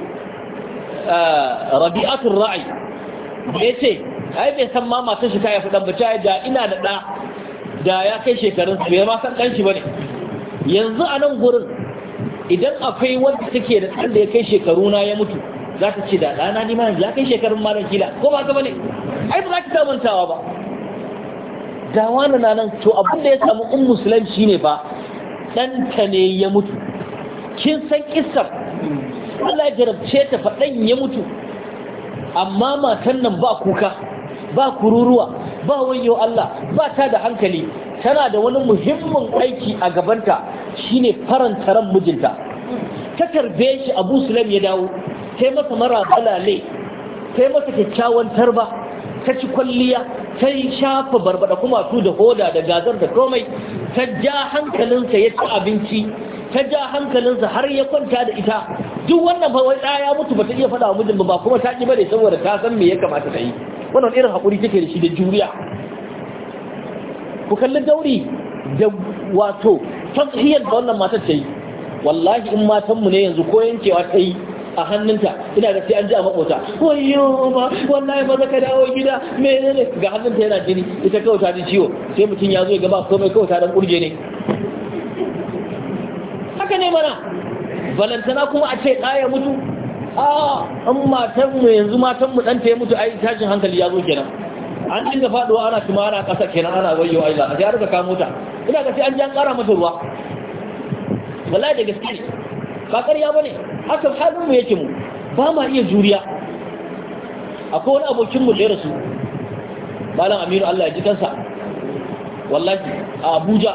rabi'atul ra'i ya ce ai bai san ma matan shi ta fadan dan bace da ina da da da ya kai shekarun su bai ma san dan shi bane yanzu a nan gurin idan akwai wanda take da dan da ya kai shekaru na ya mutu za ta ce da na ni ma ya kai shekarun ma ran kila ko ba ka bane ai ba za ki tamantawa ba da wani na nan to abin da ya samu um musulunci ne ba ɗanta ne ya mutu kin san kissa Allah ya jarabce ta faɗan ya mutu amma matan nan ba kuka ba kururuwa ba wayo Allah ba ta da hankali tana da wani muhimmin aiki a gabanta shine faranta ran mijinta ta tarbe shi Abu Sulaim ya dawo sai masa mara balale sai masa kyakkyawan tarba ta ci kwalliya ta yi shafa barbada kuma su da hoda da gazar da komai ta ja hankalinsa ya ci abinci ta ja hankalinsa har ya kwanta da ita duk wannan fa wai ya mutu bata iya fada wa mijin ba kuma ta ki bane saboda ta san me ya kamata ta yi wannan irin hakuri take da shi da juriya ku kalli dauri da wato tasihiyar da wannan matar ta yi wallahi in matan mu ne yanzu ko yankewa ta yi a hannunta ina da sai an ji a makota wayo ma wallahi ba zaka dawo gida menene ga hannunta yana jini ita kawai ta ji ciwo sai mutum ya zo ya gaba komai kawai ta dan kurje ne haka ne mana balantana kuma a ce ɗaya mutu a an matanmu yanzu matanmu ɗanta ya mutu yi tashin hankali ya zo kenan an dinga faɗuwa ana tuma ana ƙasa kenan ana bayyo yi za a sai aka kamo ina ga sai an jan ƙara mata ruwa wallahi da gaske ne ba ƙarya ne haka halin mu yake mu ba ma iya juriya akwai wani abokin mu da ya rasu malam Aminu Allah ya ji kansa wallahi a Abuja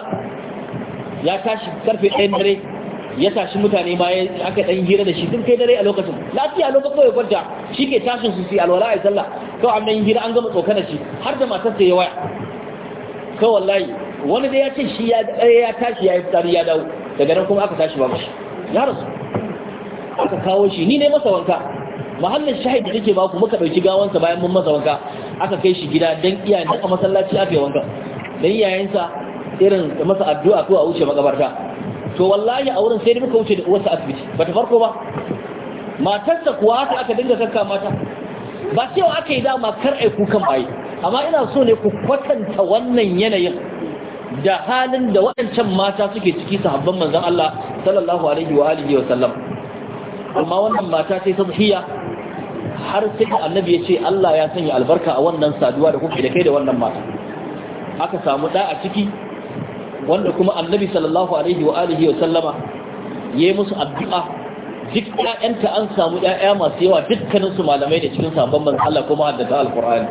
ya tashi karfe 1 dare ya tashi mutane ma ya aka dan hira da shi duk kai dare a lokacin lafiya a lokacin ya kwanta shi ke tashin su sai alwala ai sallah kawai an dan hira an gama tsokana shi har da matar sa ya waya kawai wallahi wani da ya ce shi ya eh, ya tashi ya yi tsari ya dawo daga nan kuma aka tashi ba mashi ya rasu aka kawo shi ni ne masa wanka mahallin shahid da nake baku muka dauki gawansa bayan mun masa wanka aka kai shi gida dan iyayen a masallaci aka yi wanka dan iyayensa irin masa addu'a ko a wuce makabarta to wallahi a wurin sai da muka wuce da wasu asibiti ba ta farko ba matarsa kuwa haka aka dinga kakka mata ba cewa aka yi dama kar ai kukan baye amma ina so ne ku kwatanta wannan yanayin da halin da waɗancan mata suke ciki sahabban manzon Allah sallallahu alaihi wa alihi wa sallam amma wannan mata sai ta hiya har sai annabi ya ce Allah ya sanya albarka a wannan saduwa da kuke da kai da wannan mata aka samu da a ciki wanda kuma annabi sallallahu alaihi wa alihi wa sallama yi musu addu'a duk ƴaƴanta an samu ƴaƴa masu yawa dukkanin su malamai da cikin sabon manzo Allah kuma haddata alqur'ani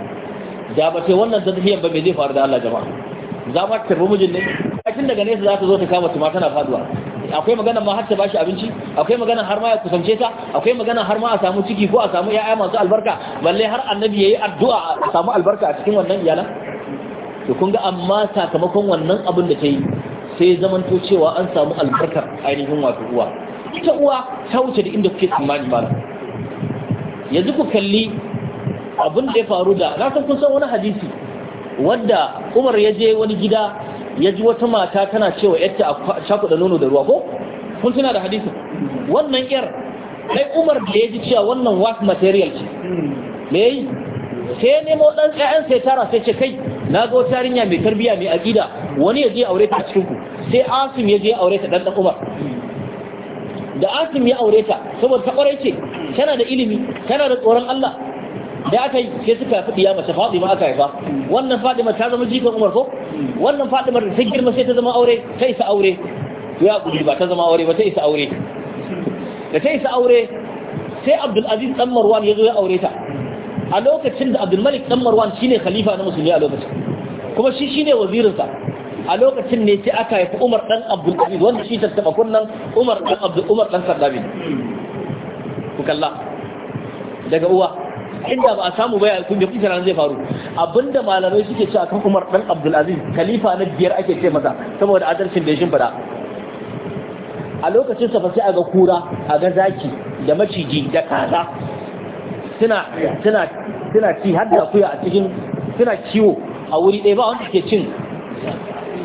da ba sai wannan tadhiyan ba me zai faru da Allah jama'a za ma tarbi mijin ne tun daga nesa za ta zo ta kama tuma tana faduwa akwai magana ma har ta bashi abinci akwai magana har ma ya kusance ta akwai magana har ma a samu ciki ko a samu ƴaƴa masu albarka balle har annabi yayi addu'a a samu albarka a cikin wannan iyalan to kun ga amma sakamakon wannan abin da ta yi sai zamanto cewa an samu albarkar ainihin wato uwa ita uwa ta wuce da inda kuke tsammani ba yanzu ku kalli abin da ya faru da na san kun san wani hadisi wanda Umar ya je wani gida ya ji wata mata tana cewa yadda a shakuɗa nono da ruwa ko kun tuna da hadisin wannan yar kai Umar da ya ji cewa wannan wasu material ce me yi sai nemo ɗan ƴaƴan sai tara sai ce kai na ga wata yarinya mai tarbiya mai aqida wani ya je aure ta cikin ku sai asim ya je aure ta dan umar da asim ya aure ta saboda ta kwarai ce tana da ilimi tana da tsoron Allah da aka yi sai suka fi diya mace Fatima aka haifa wannan Fatima ta zama jikon Umar ko wannan Fatima da ta girma sai ta zama aure ta isa aure ya kudi ba ta zama aure ba ta isa aure da ta isa aure sai Abdul Aziz dan Marwan ya zo ya aure ta a lokacin da abdulmalik dan marwan shine khalifa na musulmi a lokacin kuma shi shine wazirinsa a lokacin ne sai aka haifi umar dan abdul aziz wanda shi tattaba kunnan umar dan abdul umar dan sardabi ku kalla daga uwa inda ba a samu ba kun jafi tunanin zai faru abinda malamai suke cewa kan umar dan abdul aziz khalifa na biyar ake ce masa saboda adalcin da ya shimfida a lokacin sa fa sai a ga kura a ga zaki da maciji da kaza suna suna ci har da akuya a cikin suna ciwo a wuri ɗaya ba wanda ke cin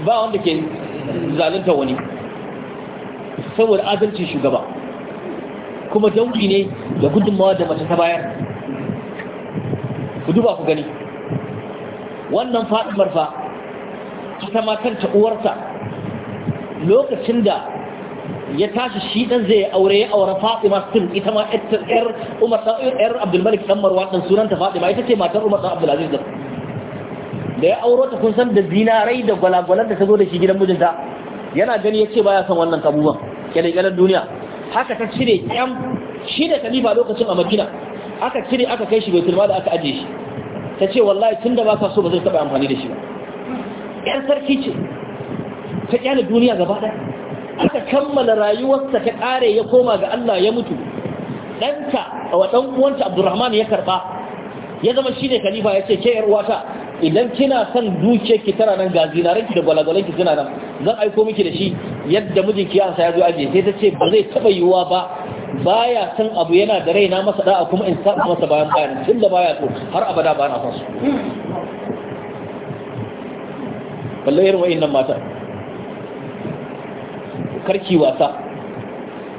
ba wanda ke zalunta wani saboda adalcin shugaba kuma dauki ne da gudunmawa da mace ta bayar ku duba ku gani wannan faɗin marfa ta ma kanta uwarta lokacin da ya tashi shi dan zai aure ya aure Fatima sun ita ma yar Umar yar Abdul Malik dan Marwan dan sunanta Fatima ita ce matar Umar dan Abdul Aziz da ya aure ta kun san da zinarai da gwalagwalan da ta zo da shi gidan mijinta yana gani ya ce baya son wannan abubuwan kyalekyalar duniya haka ta cire yan shi da kalifa lokacin a madina aka cire aka kai shi bai turma da aka ajiye shi ta ce wallahi tun da ba ka so ba zai taɓa amfani da shi ba yan sarki ce ta kyale duniya gaba ɗaya aka kammala rayuwarsa ta kare ya koma ga Allah ya mutu ɗanka wa ɗan uwanta Abdurrahman ya karɓa ya zama shine khalifa ya ce ke yar uwata idan kina son duke ki tara nan ga ranki da ki suna nan zan aiko miki da shi yadda mijinki ya ansa ya zo aje sai ta ce ba zai taɓa yiwuwa ba baya san abu yana da raina masa da'a kuma in saba masa bayan bayan tun da baya so har abada ba na son su balle irin nan mata karki wasa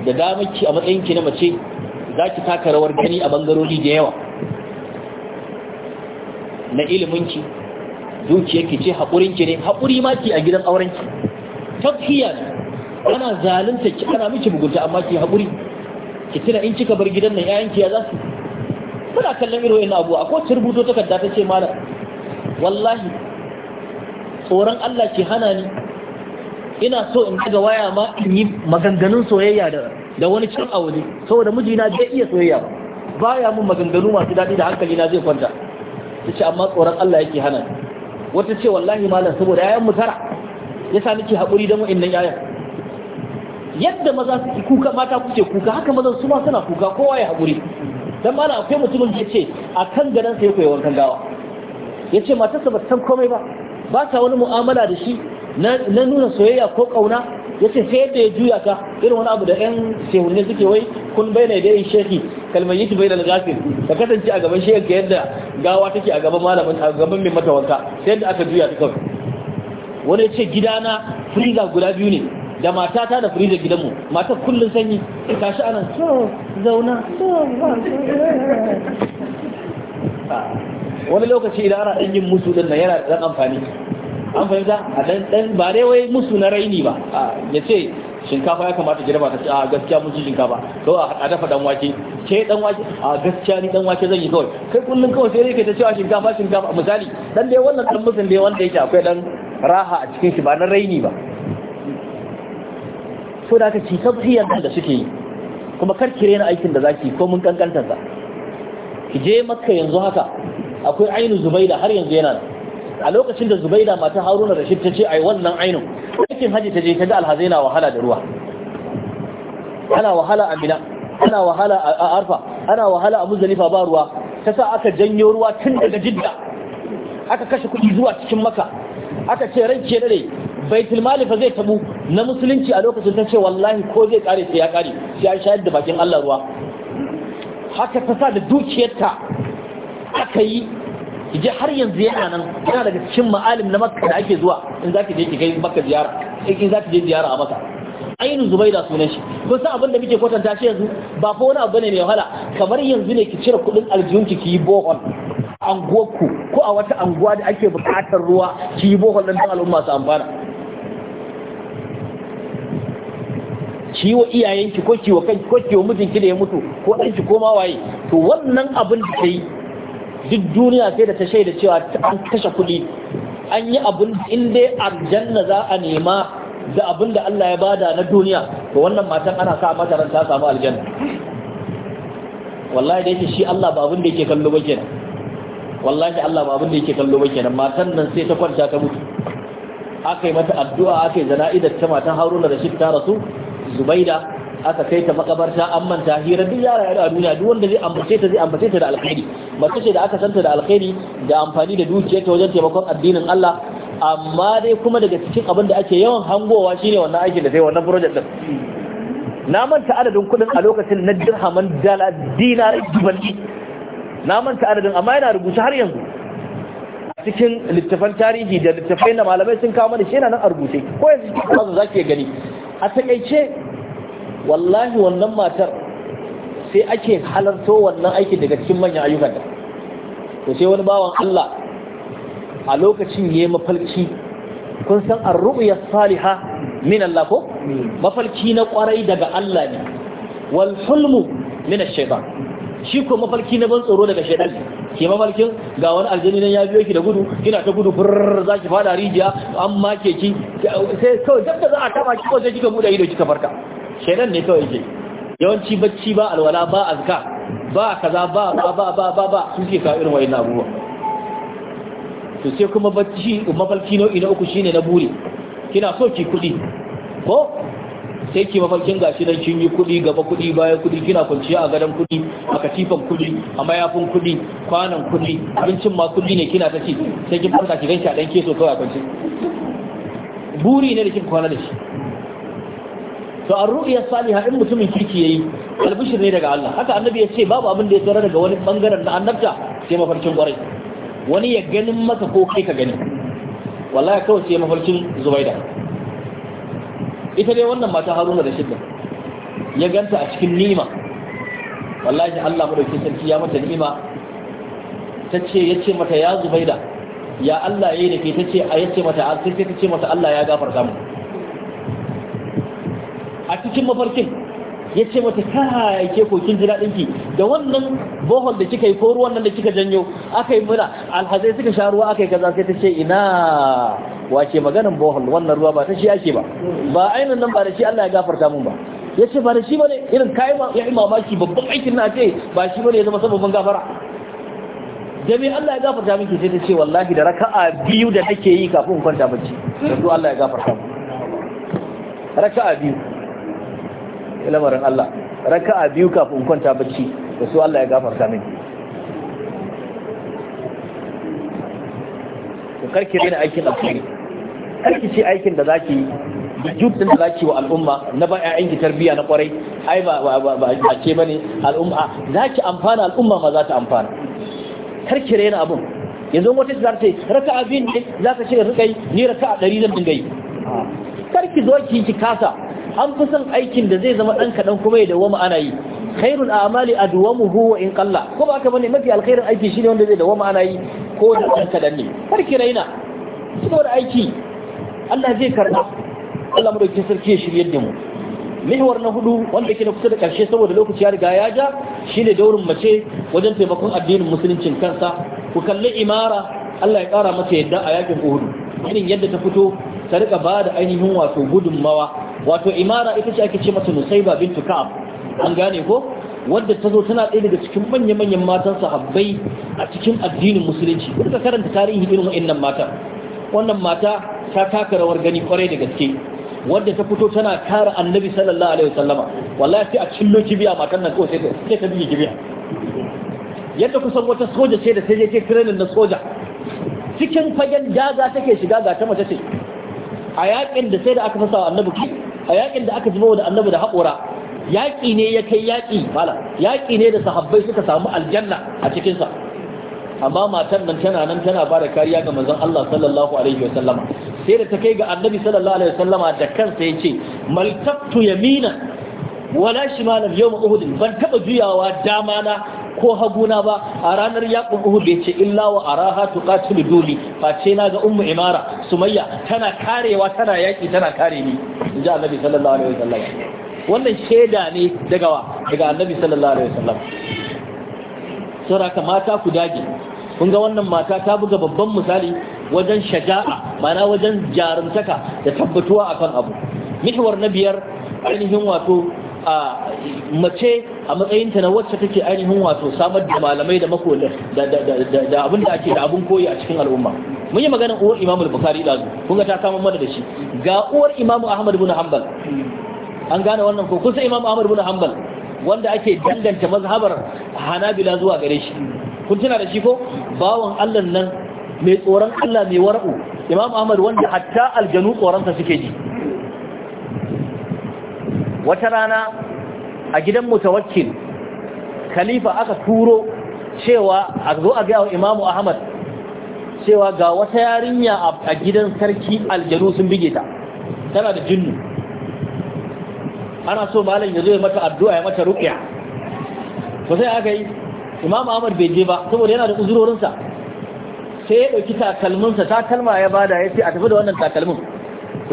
da damarki a matsayinki na mace za ki taka rawar gani a bangarori da yawa na iliminki ki ce haƙurinki ne haƙuri ma ki a gidan aurenki tafiya ne ana zalunta ki ana miki bugunta amma ki haƙuri ki tuna in kika bar gidan nan 'ya'yanki ya za su muna kallon irin wa'annan abu a kowace rubuto takarda ta ce mana wallahi tsoron Allah ke hana ni ina so in daga waya ma in yi maganganun soyayya da da wani cin a waje saboda mijina bai iya soyayya ba baya mun maganganu masu daɗi da hankali na zai kwanta ce amma tsoron Allah yake hana wata ce wallahi malam saboda yayan mu tara sa nake hakuri da mu innan yadda maza su kuka mata kuke kuka haka maza su ma suna kuka kowa ya hakuri dan malam akwai mutumin da yace akan gadan ya yake wankan gawa yace matarsa ba san komai ba ba ta wani mu'amala da shi na nuna soyayya ko kauna ya ce sai yadda ya juya ka irin wani abu da yan shehunne suke wai kun bai na dai shehi kalmar yi bai da lagafin ka kasance a gaban shehi ka yadda gawa take a gaban malamin a gaban mai mata wanka sai yadda aka juya ta kawai wani ya ce gidana friza guda biyu ne da matata da friza gidanmu matar kullum sanyi eh, tashi anan so zauna so wani lokaci idan ana ɗan yin musu ɗin na yana ɗan amfani an fahimta a dan ba dai wai musu na raini ba ya ce shinkafa ya kamata girba ta ce a gaskiya mun ci shinkafa to a dafa dan wake ke dan wake a gaskiya ni dan wake zan yi kawai kai kullun kawai sai kai ta cewa shinkafa shinkafa misali dan dai wannan dan musun dai wanda yake akwai dan raha a cikin shi ba na raini ba so da ka ci tabhiyar da suke yi kuma kar ki rena aikin da zaki ko mun kankantar ki je makka yanzu haka akwai ainu zubaida har yanzu yana nan a lokacin da zubaida mata haruna rashid ta ce ai wannan ainihin aikin hajji ta je ta ga alhazai wahala da ruwa ana wahala a mina ana wahala a arfa ana wahala a muzalifa ba ruwa ta sa aka janyo ruwa tun daga jidda aka kashe kuɗi zuwa cikin maka aka ce ran ke dare baitul malifa fa zai tabu na musulunci a lokacin ta ce wallahi ko zai kare sai ya kare sai an shayar da bakin Allah ruwa haka ta sa da dukiyarta aka yi je har yanzu yana nan yana daga cikin ma'alim na makka da ake zuwa in za je ki kai makka ziyara in za je ziyara a makka ainihin zubaida sunan shi kun san abin da muke kwatanta shi yanzu ba fa wani abu ne mai wahala kamar yanzu ne ki cire kuɗin aljihunki ki yi bohol anguwarku ko a wata anguwa da ake bukatar ruwa ki yi bohol ɗin al'umma su amfana ki yi wa iyayenki ko ki wa kanki ko ki wa mijinki da ya mutu ko ɗanki ko ma waye to wannan abin da ta yi duk duniya sai da ta shaida cewa an kashe kuɗi an yi abin in dai aljanna za a nema da abin da Allah ya bada na duniya to wannan matan ana sa mata ran ta samu aljanna wallahi da yake shi Allah ba abin da yake kallo ba kenan wallahi Allah ba abin da yake kallo ba kenan matan nan sai ta kwanta ta mutu aka yi mata addu'a aka yi zana'idar ta matan Haruna Rashid ta rasu Zubaida aka kai ta makabarta an manta hira duk yara yara a duniya duk wanda zai ambace ta zai ambace ta da alkhairi mace ce da aka santa da alkhairi da amfani da dukiyar ta wajen taimakon addinin Allah amma dai kuma daga cikin abin da ake yawan hangowa shine wannan aikin da zai wannan project din na manta adadin kudin a lokacin na dirhaman dala dinar dubanni na manta adadin amma yana rubuce har yanzu cikin littafan tarihi da littafai da malamai sun kawo mana shi yana nan a rubuce ko yanzu za zaki gani a takaice wallahi wannan matar sai ake halarto wannan aiki daga cikin manyan ayyukan da to sai wani bawan Allah a lokacin yayi mafalki kun san ar-ru'ya salihah min Allah ko mafalki na kwarai daga Allah ne wal hulmu min ash-shaytan shi ko mafalki na ban tsoro daga shaytan ke mafalkin ga wani aljini nan ya biyo ki da gudu kina ta gudu furr za ki fada rijiya Amma keki ki sai kawai dabda za a kama ki ko sai kika bude ido kika farka kenan ne kawai ke yawanci bacci ba alwala ba azka ba kaza ba ba ba ba ba ba su ke kawo irin wayannan abubuwa to sai kuma bacci mafalki nau'i na uku shine na buri kina so ki kudi ko sai ki mafalkin gashi nan kin yi kudi gaba kudi bayan kudi kina kwanciya a gadon kudi a katifan kudi a mayafin kudi kwanan kudi abincin ma kudi ne kina ta ci sai kin farka ki ganki a dan keso kawai a kwanci buri ne da kin kwana da shi to an ru'ya saliha in mutumin kirki yayi albishir ne daga Allah haka annabi ya ce babu abin da ya tsara daga wani bangaren na annabta sai mafarkin kwarai wani ya ganin maka ko kai ka gani wallahi kawai sai mafarkin zubaida ita dai wannan mata haruna da shidda ya ganta a cikin ni'ima wallahi Allah madaukakin sarki ya mata ni'ima tace yace mata ya zubaida ya Allah yayi da ke tace a yace mata sai ta ce mata Allah ya gafarta mu a cikin mafarkin ya ce mata ka ke ko kin ji daɗinki da wannan bohol da kika yi ko ruwan nan da kika janyo aka yi muna alhazai suka sha ruwa aka yi kaza sai ta ce ina wace maganan bohol wannan ruwa ba ta shi ake ba ba ainihin nan ba da shi Allah ya gafarta mun ba ya ce ba da shi bane irin kayan ya yi mamaki babban aikin na ce ba shi bane ya zama sababin gafara da me Allah ya gafarta miki sai ta ce wallahi da raka'a biyu da nake yi kafin kwanta bacci da Allah ya gafarta mu raka'a biyu lamarin Allah raka'a biyu kafin kwanta bacci da su Allah ya gafarta mini ku karki daina aikin alkhairi karki ce aikin da zaki yi duk da zaki wa al'umma na ba ƴaƴan ki tarbiyya na kwarai ai ba ba ba ce bane al'umma zaki amfana al'umma ma za ta amfana karki daina abun yanzu wata za ta yi raka'a biyu ne za ka ce rika yi ni raka'a ɗari zan dinga yi karki zo ki ki kasa an fi son aikin da zai zama ɗan kaɗan kuma ya dawo ana yi khairul a'mali adwamuhu wa in qalla ko ba ka bane mafi alkhairin aiki shine wanda zai dawo ana yi ko da ɗan kaɗan ne farki raina saboda aiki Allah zai karɓa Allah mu dauki sarki ya shirye da mu mihwar na hudu wanda yake na kusa da karshe saboda lokaci ya riga ya ja shine daurin mace wajen taimakon addinin musuluncin kansa ku kalli imara Allah ya kara mata yadda a yakin Uhud irin yadda ta fito ka rika ba da ainihin wato gudunmawa wato imara ita ce ake ce mata nusaiba bintu ka'ab an gane ko wadda ta zo tana ɗaya daga cikin manya-manyan matan sahabbai a cikin addinin musulunci ka karanta tarihi irin wa'annan mata wannan mata ta taka rawar gani kwarai da gaske wadda ta fito tana kare annabi sallallahu alaihi wasallama wallahi sai a cillo kibiya matan nan kawai sai ta biye kibiya yadda kusan wata soja ce da sai je ke training na soja cikin fagen daga take shiga ga ta mace ce a yakin da sai da aka fasa annabi ki a yakin da aka zuba da annabi da haƙura yaƙi ne ya kai yaƙi mala yaƙi ne da sahabbai suka samu aljanna a cikin sa amma matan nan tana nan tana ba da kariya ga manzon Allah sallallahu alaihi wa sallama sai da ta kai ga annabi sallallahu alaihi wa sallama da kansa yace maltaftu yamina wala shimalan yawm uhud ban taba juyawa dama na ko haguna ba a ranar yaƙun uhud bai ce illa wa araha tuqatilu duli face na ga ummu imara sumayya tana karewa tana yaƙi tana kare ni inji annabi sallallahu alaihi wasallam wannan shaida ne daga wa daga annabi sallallahu alaihi wasallam ka mata ku dage kun ga wannan mata ta buga babban misali wajen shaja'a mana wajen jarumtaka da tabbatuwa akan abu mihwar na biyar ainihin wato a mace a matsayinta na wacce take ainihin wato samar da malamai da makolar da abin da ake da abin koyi a cikin al'umma mun yi maganar uwar al-bukhari da dazu kun ga ta kama mana da shi ga uwar Imam ahmad bin hanbal an gane wannan ko kusa Imam ahmad bin hanbal wanda ake danganta mazhabar hanabila zuwa gare shi kun tuna da shi ko bawan allah nan mai tsoron allah mai wara'u imam ahmad wanda hatta aljanu tsoronsa suke ji wata rana a gidan mutawakkil khalifa aka turo cewa a zo a ga imamu ahmad cewa ga wata yarinya a gidan sarki aljanu sun bige ta tana da jinnu ana so malam ya zo ya mata addu'a ya mata ruqya to sai aka yi imamu ahmad bai je ba saboda yana da uzurorinsa sai ya ɗauki takalminsa takalma ya bada ya ce a tafi da wannan takalmin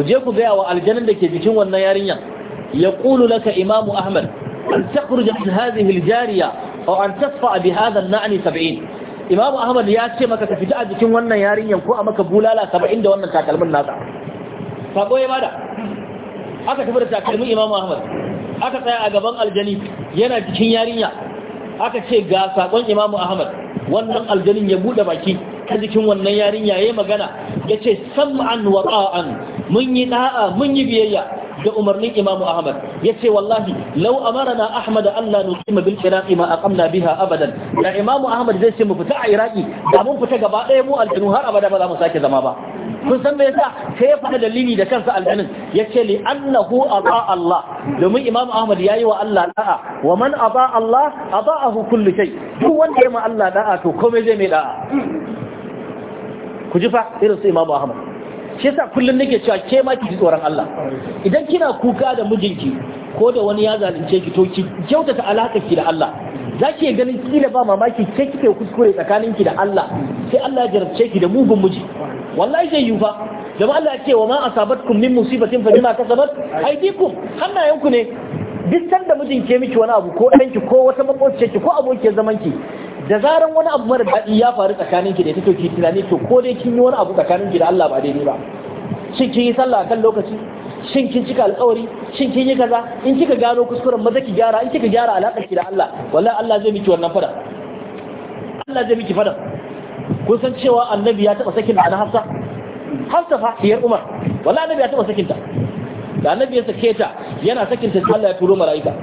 ku je ku gaya wa aljanin da ke jikin wannan yarinyar. يقول لك إمام أحمد أن تخرج من هذه الجارية أو أن تدفع بهذا النعن سبعين إمام أحمد ياتي مكة تفتاء جكين وانا يارين ينكو أمك بولالا سبعين دا وانا تاكلم الناسع فقوي ماذا أكا تفر تاكلم إمام أحمد أكا تايا أقبان الجني ينا جكين يارين أكا تشي قاسا وان إمام أحمد وانا الجني يبود باكي كذكين وانا يارين يا إيما قنا يتشي سمعا وطاعا من ينهاء من يبيئيا da umarnin Imam Ahmad yace wallahi lau amarna Ahmad an la nuqima bil Iraq ma aqamna biha abadan da Imam Ahmad zai ce mu fita a Iraki da mun fita gaba ɗaya mu aljanu har abada ba za mu sake zama ba kun san me yasa sai ya faɗa dalili da kansa aljanin yace li annahu ata Allah domin Imam Ahmad yayi wa Allah da'a wa man ata Allah ata'ahu kullu shay duk wanda ya ma Allah da'a to komai zai mai da'a ku ji fa irin su Imam Ahmad shi yasa kullum nake cewa ke ma ki tsoron Allah idan kina kuka da mijinki ko da wani ya zalunce ki to ki kyautata alakar ki da Allah zaki ki ganin kila ba mamaki ke kike kuskure tsakanin ki da Allah sai Allah ya jarabce ki da mugun miji wallahi zai yi fa jama'a Allah ya ce wa ma asabatkum min musibatin fa bima kasabat aydikum hannayenku ne duk sanda mijin ke miki wani abu ko ɗanki ko wata makwabciyarki ko abokin zamanki da zaran wani abu mara daɗi ya faru tsakanin ki da ita to ki tunani to ko dai kin yi wani abu tsakanin ki da Allah ba daidai ba shin kin yi sallah kan lokaci shin kin cika alƙawari shin kin yi kaza in kika gano kuskuren maza ki gyara in kika gyara alaƙar ki da Allah wallahi Allah zai miki wannan fada Allah zai miki fada kun san cewa annabi ya taɓa sakin da Hafsa Hafsa fa diyar Umar wallahi annabi ya taɓa sakin ta da annabi ya sake ta yana sakin ta Allah ya turo mala'ika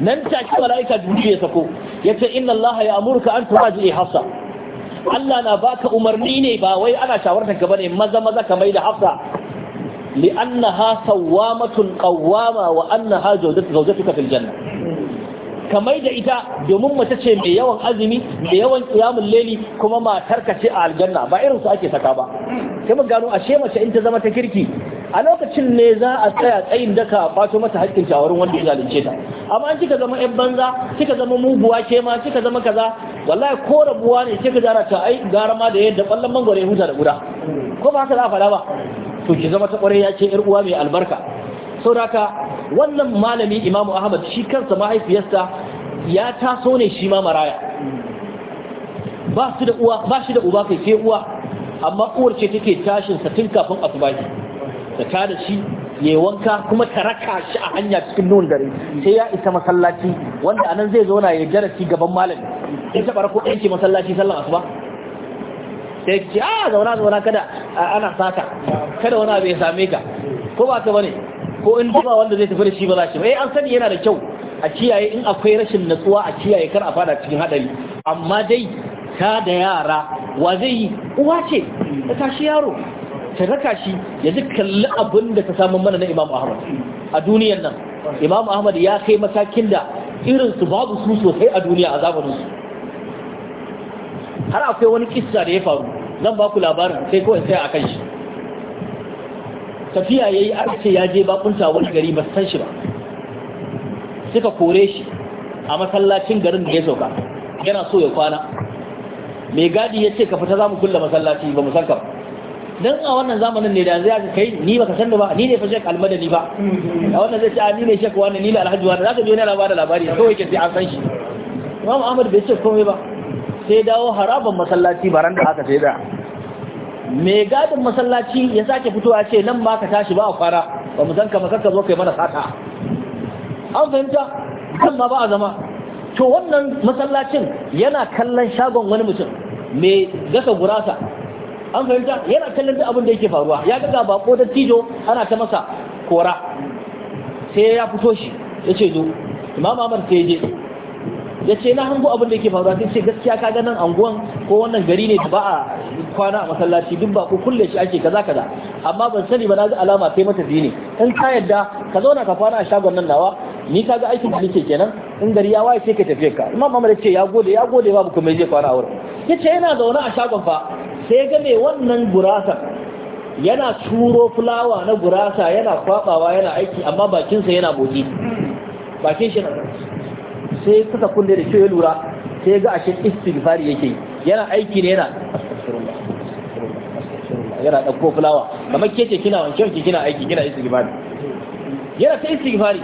nan take mala'ika jibril ya sako yace inna allaha ya amurka an turaji hafsa Allah na baka umarni ne ba wai ana shawartar ka bane maza maza ka mai da hafsa li'annaha sawwamatun qawwama wa annaha zawjatu zawjatuka fil janna kamar da ita domin mace ce mai yawan azumi mai yawan kiyamun leli kuma matarka ce a aljanna ba irin su ake saka ba sai mu gano ashe mace in ta zama ta kirki a lokacin ne za a tsaya tsayin daka a kwato mata haƙƙin a wurin wanda ya zalunce ta amma an kika zama yan banza kika zama muguwa ke ma kika zama kaza wallahi ko rabuwa ne kika gara ta ai gara ma da yadda ballan mangwaro ya huta da guda ko ba haka za a faɗa ba to ki zama ta ƙwarai ya ce yar uwa mai albarka saboda wannan malami imamu ahmad shi kansa mahaifiyarsa ya taso ne shi ma maraya ba su da uwa ba shi da uba kai sai uwa amma uwar ce take tashin sa tun kafin a asubahi ka tada shi ya wanka kuma ka raka shi a hanya cikin nun dare sai ya isa masallaci wanda anan zai zauna ya jarasi gaban malami in taɓa rako ɗanki masallaci sallan asuba sai ce a ah, zauna zauna kada ana sata kada wani abu ya same ka ko ba ka bane ko in duba wanda zai tafi da shi ba za shi ba eh, an sani yana da kyau a kiyaye in akwai rashin natsuwa a kiyaye kar a fada cikin hadari amma dai ta da yara wa zai yi uwa ce ta tashi yaro ta raka shi ya ji kalli abin da ta samun mana na imam ahmad a duniyar nan imam ahmad ya kai matakin da irinsu babu su sosai a duniya a zamaninsu har akwai wani kisa da ya faru zan ba ku labarin sai kawai sai a kan shi tafiya ya yi arce ya je bakunta wani gari ba san shi ba suka kore shi a masallacin garin da ya sauka yana so ya kwana mai gadi ya ce ka fita za mu kulle masallaci ba mu san ka ba dan a wannan zamanin ne da zai kai ni baka san da ba ni ne fa shek almadani ba a wannan zai ce a ni ne shek wannan ni ne alhaji wannan zaka biyo ne na da labari to yake sai an san shi imam ahmad bai ce komai ba sai dawo haraban masallaci baran da aka sai da mai gadin masallaci ya sake fitowa ce nan ma ka tashi ba a fara. ba mu san ka makaka zo kai mana sata an fahimta kan ma ba a zama to wannan masallacin yana kallon shagon wani mutum mai gasa gurasa an fahimta yana kallon duk abin da yake faruwa ya ga ba ko da tijo ana ta masa kora sai ya fito shi ya ce zo imam amar sai je ya ce na hango abin da yake faruwa sai ce gaskiya ka ganin anguwan ko wannan gari ne da ba a kwana a masallaci duk ba ko kulle shi ake kaza kaza amma ban sani ba na ga alama sai mata ne in ka yadda ka zauna ka kwana a shagon nan nawa ni ka ga aikin da nake kenan in gari ya waye sai ka tafi ka imam amar ya ce ya gode ya gode babu kuma zai kwana a wurin ya ce yana zaune a shagon fa sai ga mai wannan gurasa yana turo fulawa na gurasa yana kwabawa yana aiki amma bakinsa yana boki bakin shi sai suka kulle da ya lura sai ga ashe istighfari yake yana aiki ne yana yana ɗauko fulawa kamar kece kina wanke wanke kina aiki kina istighfari yana ta istighfari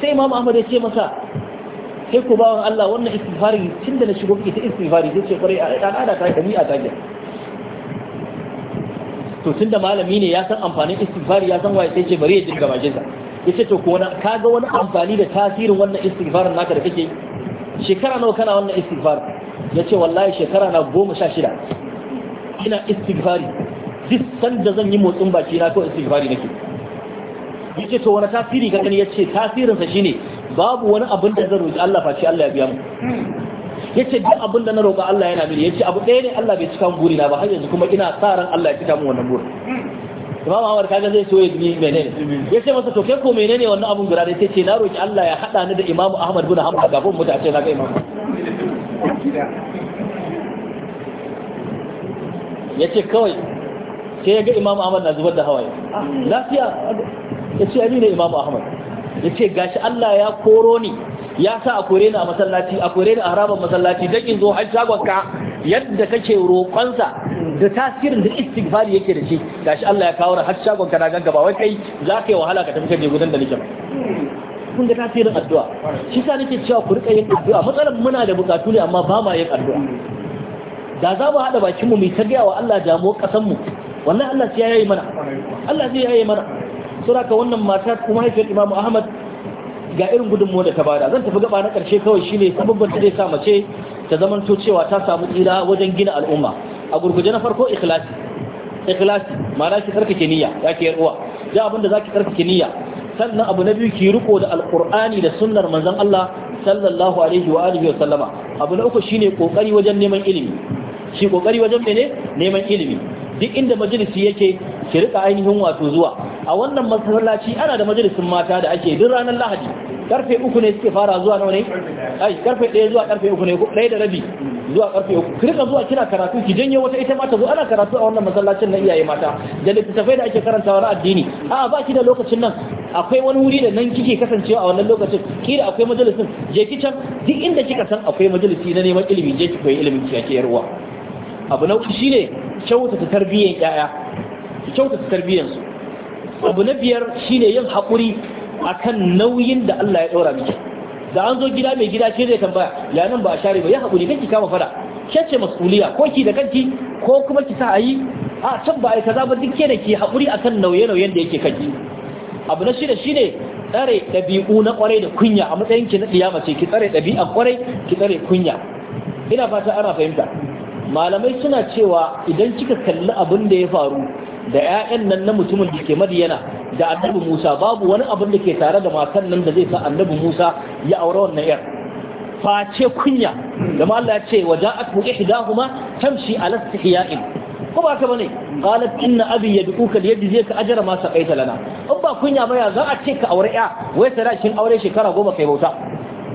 sai imam ahmad ya ce masa sai ku bawan Allah wannan istighfari tun da na shigo ita istighfari sai ce kwarai a ɗan ada ta kami ta gyan to tun da malami ne ya san amfanin istighfari ya san waye sai ce bari ya dinga bakinsa ya ce to ko ka ga wani amfani da tasirin wannan istighfarin naka da kake shekara nawa kana wannan istighfar ya ce wallahi shekara na goma sha shida ina istighfari duk sanda zan yi motsin baki na ko istighfari nake ya ce to wani tasiri ka gani ya ce tasirinsa shine babu wani abin da zan roƙi Allah face Allah ya biya mu yace duk abin da na roƙa Allah yana mini yace abu ɗaya ne Allah bai cika mu burina ba har yanzu kuma ina sa ran Allah ya cika mu wannan burin Imam Ahmad kaga zai so ya ji menene yace masa to kai ko menene wannan abun gura da yace ce na roƙi Allah ya hada ni da Imam Ahmad bin Hanbal kafin mu tace na ga Imam yace kawai sai ya ga Imam Ahmad na zubar da hawaye ah, lafiya yace ani ne Imam Ahmad ya ce gashi Allah ya koro ni ya sa a kore ni a masallaci a kore ni a harabar masallaci don in zo har shagonka yadda kake roƙonsa da tasirin da istighfari yake da shi gashi Allah ya kawo har shagonka na ganga ba wai kai za ka yi wahala ka tafi kaje gudan da nake ba kun ga tasirin addu'a shi sa nake cewa ku rika yin addu'a matsalar muna da bukatu ne amma ba ma yin addu'a da za mu haɗa bakinmu mu ta gaya wa Allah damuwar ƙasarmu wannan Allah sai ya yi mana Allah sai ya yi mana saboda wannan mata kuma haifiyar Imam Ahmad ga irin gudunmuwa da ta bada zan tafi gaba na karshe kawai shine sababban da zai sa mace ta to cewa ta samu tsira wajen gina al'umma a gurguje na farko ikhlasi ikhlasi ma'ana ki tsarkake niyya Ya ke uwa da abin da zaki tsarkake niyya sannan abu na biyu ki riko da alqur'ani da sunnar manzon Allah sallallahu alaihi wa alihi wa sallama abu na uku shine kokari wajen neman ilimi shi kokari wajen mene neman ilimi duk inda majalisi yake ki rika ainihin wato zuwa a wannan masallaci ana da majalisin mata da ake duk ranar lahadi karfe uku ne suke fara zuwa nawa ne ai karfe ɗaya zuwa karfe uku ne ɗaya da rabi zuwa karfe uku ki rika zuwa kina karatu ki janyo wata ita mata zo ana karatu a wannan masallacin na iyaye mata da littattafai da ake karantawa na addini a'a ba ki da lokacin nan akwai wani wuri da nan kike kasancewa a wannan lokacin kira akwai majalisin je ki can duk inda kika san akwai majalisi na neman ilimi je ki koyi ilimin ki yake yarwa abu na uku shine kyautata tarbiyyar yaya su kyautata tarbiyyarsu abu na biyar shine yin haƙuri akan nauyin da Allah ya ɗora miki da an zo gida mai gida ce zai tambaya ya nan ba a share ba ya haƙuri kanki kama fada ke ce masuliya ko ki da kanki ko kuma ki sa a yi a can ba a yi kaza ba duk da ki haƙuri akan nauye-nauyen da yake kanki abu na shida shine tsare ɗabi'u na ƙwarai da kunya a matsayin ki na ɗiyama ce ki tsare ɗabi'a ƙwarai ki tsare kunya ina fata ana fahimta malamai suna cewa idan kika kalli abin da ya faru da ƴaƴan nan na mutumin da ke madiyana da annabi musa babu wani abin da ke tare da matan nan da zai sa annabi musa ya aure wannan yar face kunya da Allah ya ce waja'at hu ihdahuma tamshi ala istihya'in ko ba ka bane qalat inna yadda zai ka ajra ma saqaita lana in ba kunya ba ya za a ce ka aure ya wai sadakin aure shekara goma kai bauta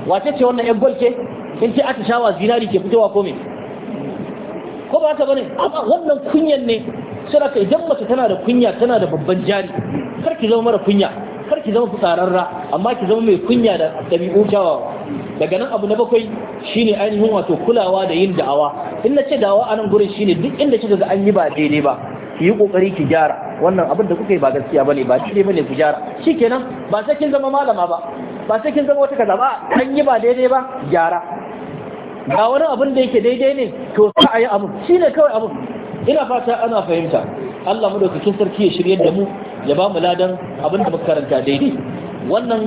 wace ce wannan yan gol ce in ce atishawa zinari ke fitowa ko me ko ba ka bane wannan kunyan ne sai idan mace tana da kunya tana da babban jari kar ki zama mara kunya kar ki zama fitsararra amma ki zama mai kunya da ɗabi'u kyawawa daga nan abu na bakwai shine ainihin wato kulawa da yin da'awa in na ce da'awa a nan gurin shine duk inda kika ga an yi ba daidai ba ki yi kokari ki gyara wannan abin da kuka yi ba gaskiya bane ba daidai bane ku gyara shikenan ba sai kin zama malama ba ba sai kin zama wata kaza ba an yi ba daidai ba gyara ga wani abin da yake daidai ne to sai a yi abin shine kawai abin ina fata ana fahimta Allah mu kin sarki ya shirye da mu ya ba mu ladan abin da muka karanta daidai wannan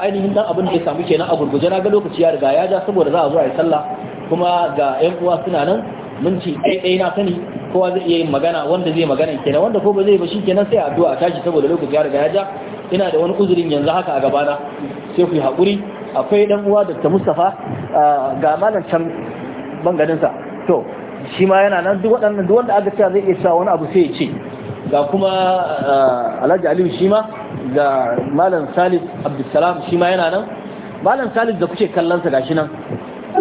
ainihin dan abin da ya samu kenan a gurguje na ga lokaci ya riga ya ja saboda za a zo a yi sallah kuma ga ƴan uwa suna nan mun ci ɗaiɗai na sani kowa zai iya yin magana wanda zai magana kenan wanda ko ba zai ba shi kenan sai addu'a a tashi saboda lokaci ya riga ya ja ina da wani uzurin yanzu haka a gabana sai ku yi akwai ɗan uwa Dr. Mustapha ga malam can banganinsa to shi ma yana nan duk waɗannan duk wanda aka cewa zai iya cewa wani abu sai ya ce ga kuma eh, alhaji aliyu shi ma ga malam salis abdulsalam shi ma yana nan malam salis da kuke kallonsa gashi nan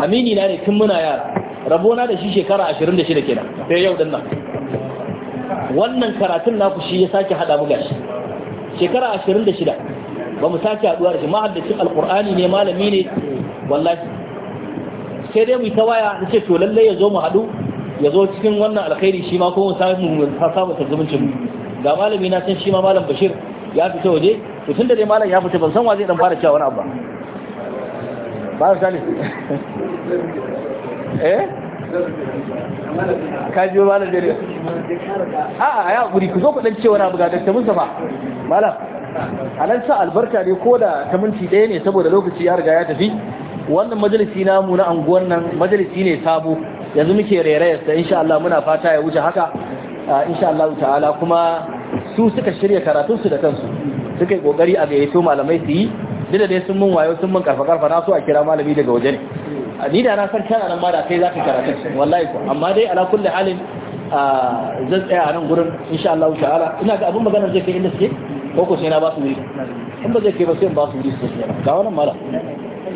amini na ne tun muna yara rabona da shi shekara 26 kenan sai yau dinnan wannan karatun naku shi ya sake hada mu gashi shekara 26 ba mu sake haduwa da shi mahaddacin alkur'ani ne malami ne wallahi sai dai mu yi ta waya ce to lallai ya zo mu hadu ya zo cikin wannan alkhairi shi ma ko mu samu ta samu zumuncin ga malami na san shi ma malam bashir ya fita waje to tunda dai malam ya fita ban san wa zai dan fara cewa wani abu ba ba sani eh ka ji malam dare a a ya guri ku zo ku dan cewa na buga da ta musafa malam alan sa albarka ne ko da ta minti ɗaya ne saboda lokaci ya riga ya tafi wannan majalisi namu na anguwan nan majalisi ne sabo yanzu muke rairayarsa insha Allah muna fata ya wuce haka insha Allah ta'ala kuma su suka shirya karatunsu da kansu suka yi kokari a to malamai su yi duk da dai sun mun wayo sun mun karfa karfa na so a kira malami daga waje ne ni da na san kana nan ma da kai zaka karatu wallahi ko amma dai ala kulli halin zan tsaya a nan gurin insha Allah ta'ala ina ga abun magana zai kai inda suke ko ko sai na ba su wuri in ba zai kai ba sai in ba su wuri su ga wannan malam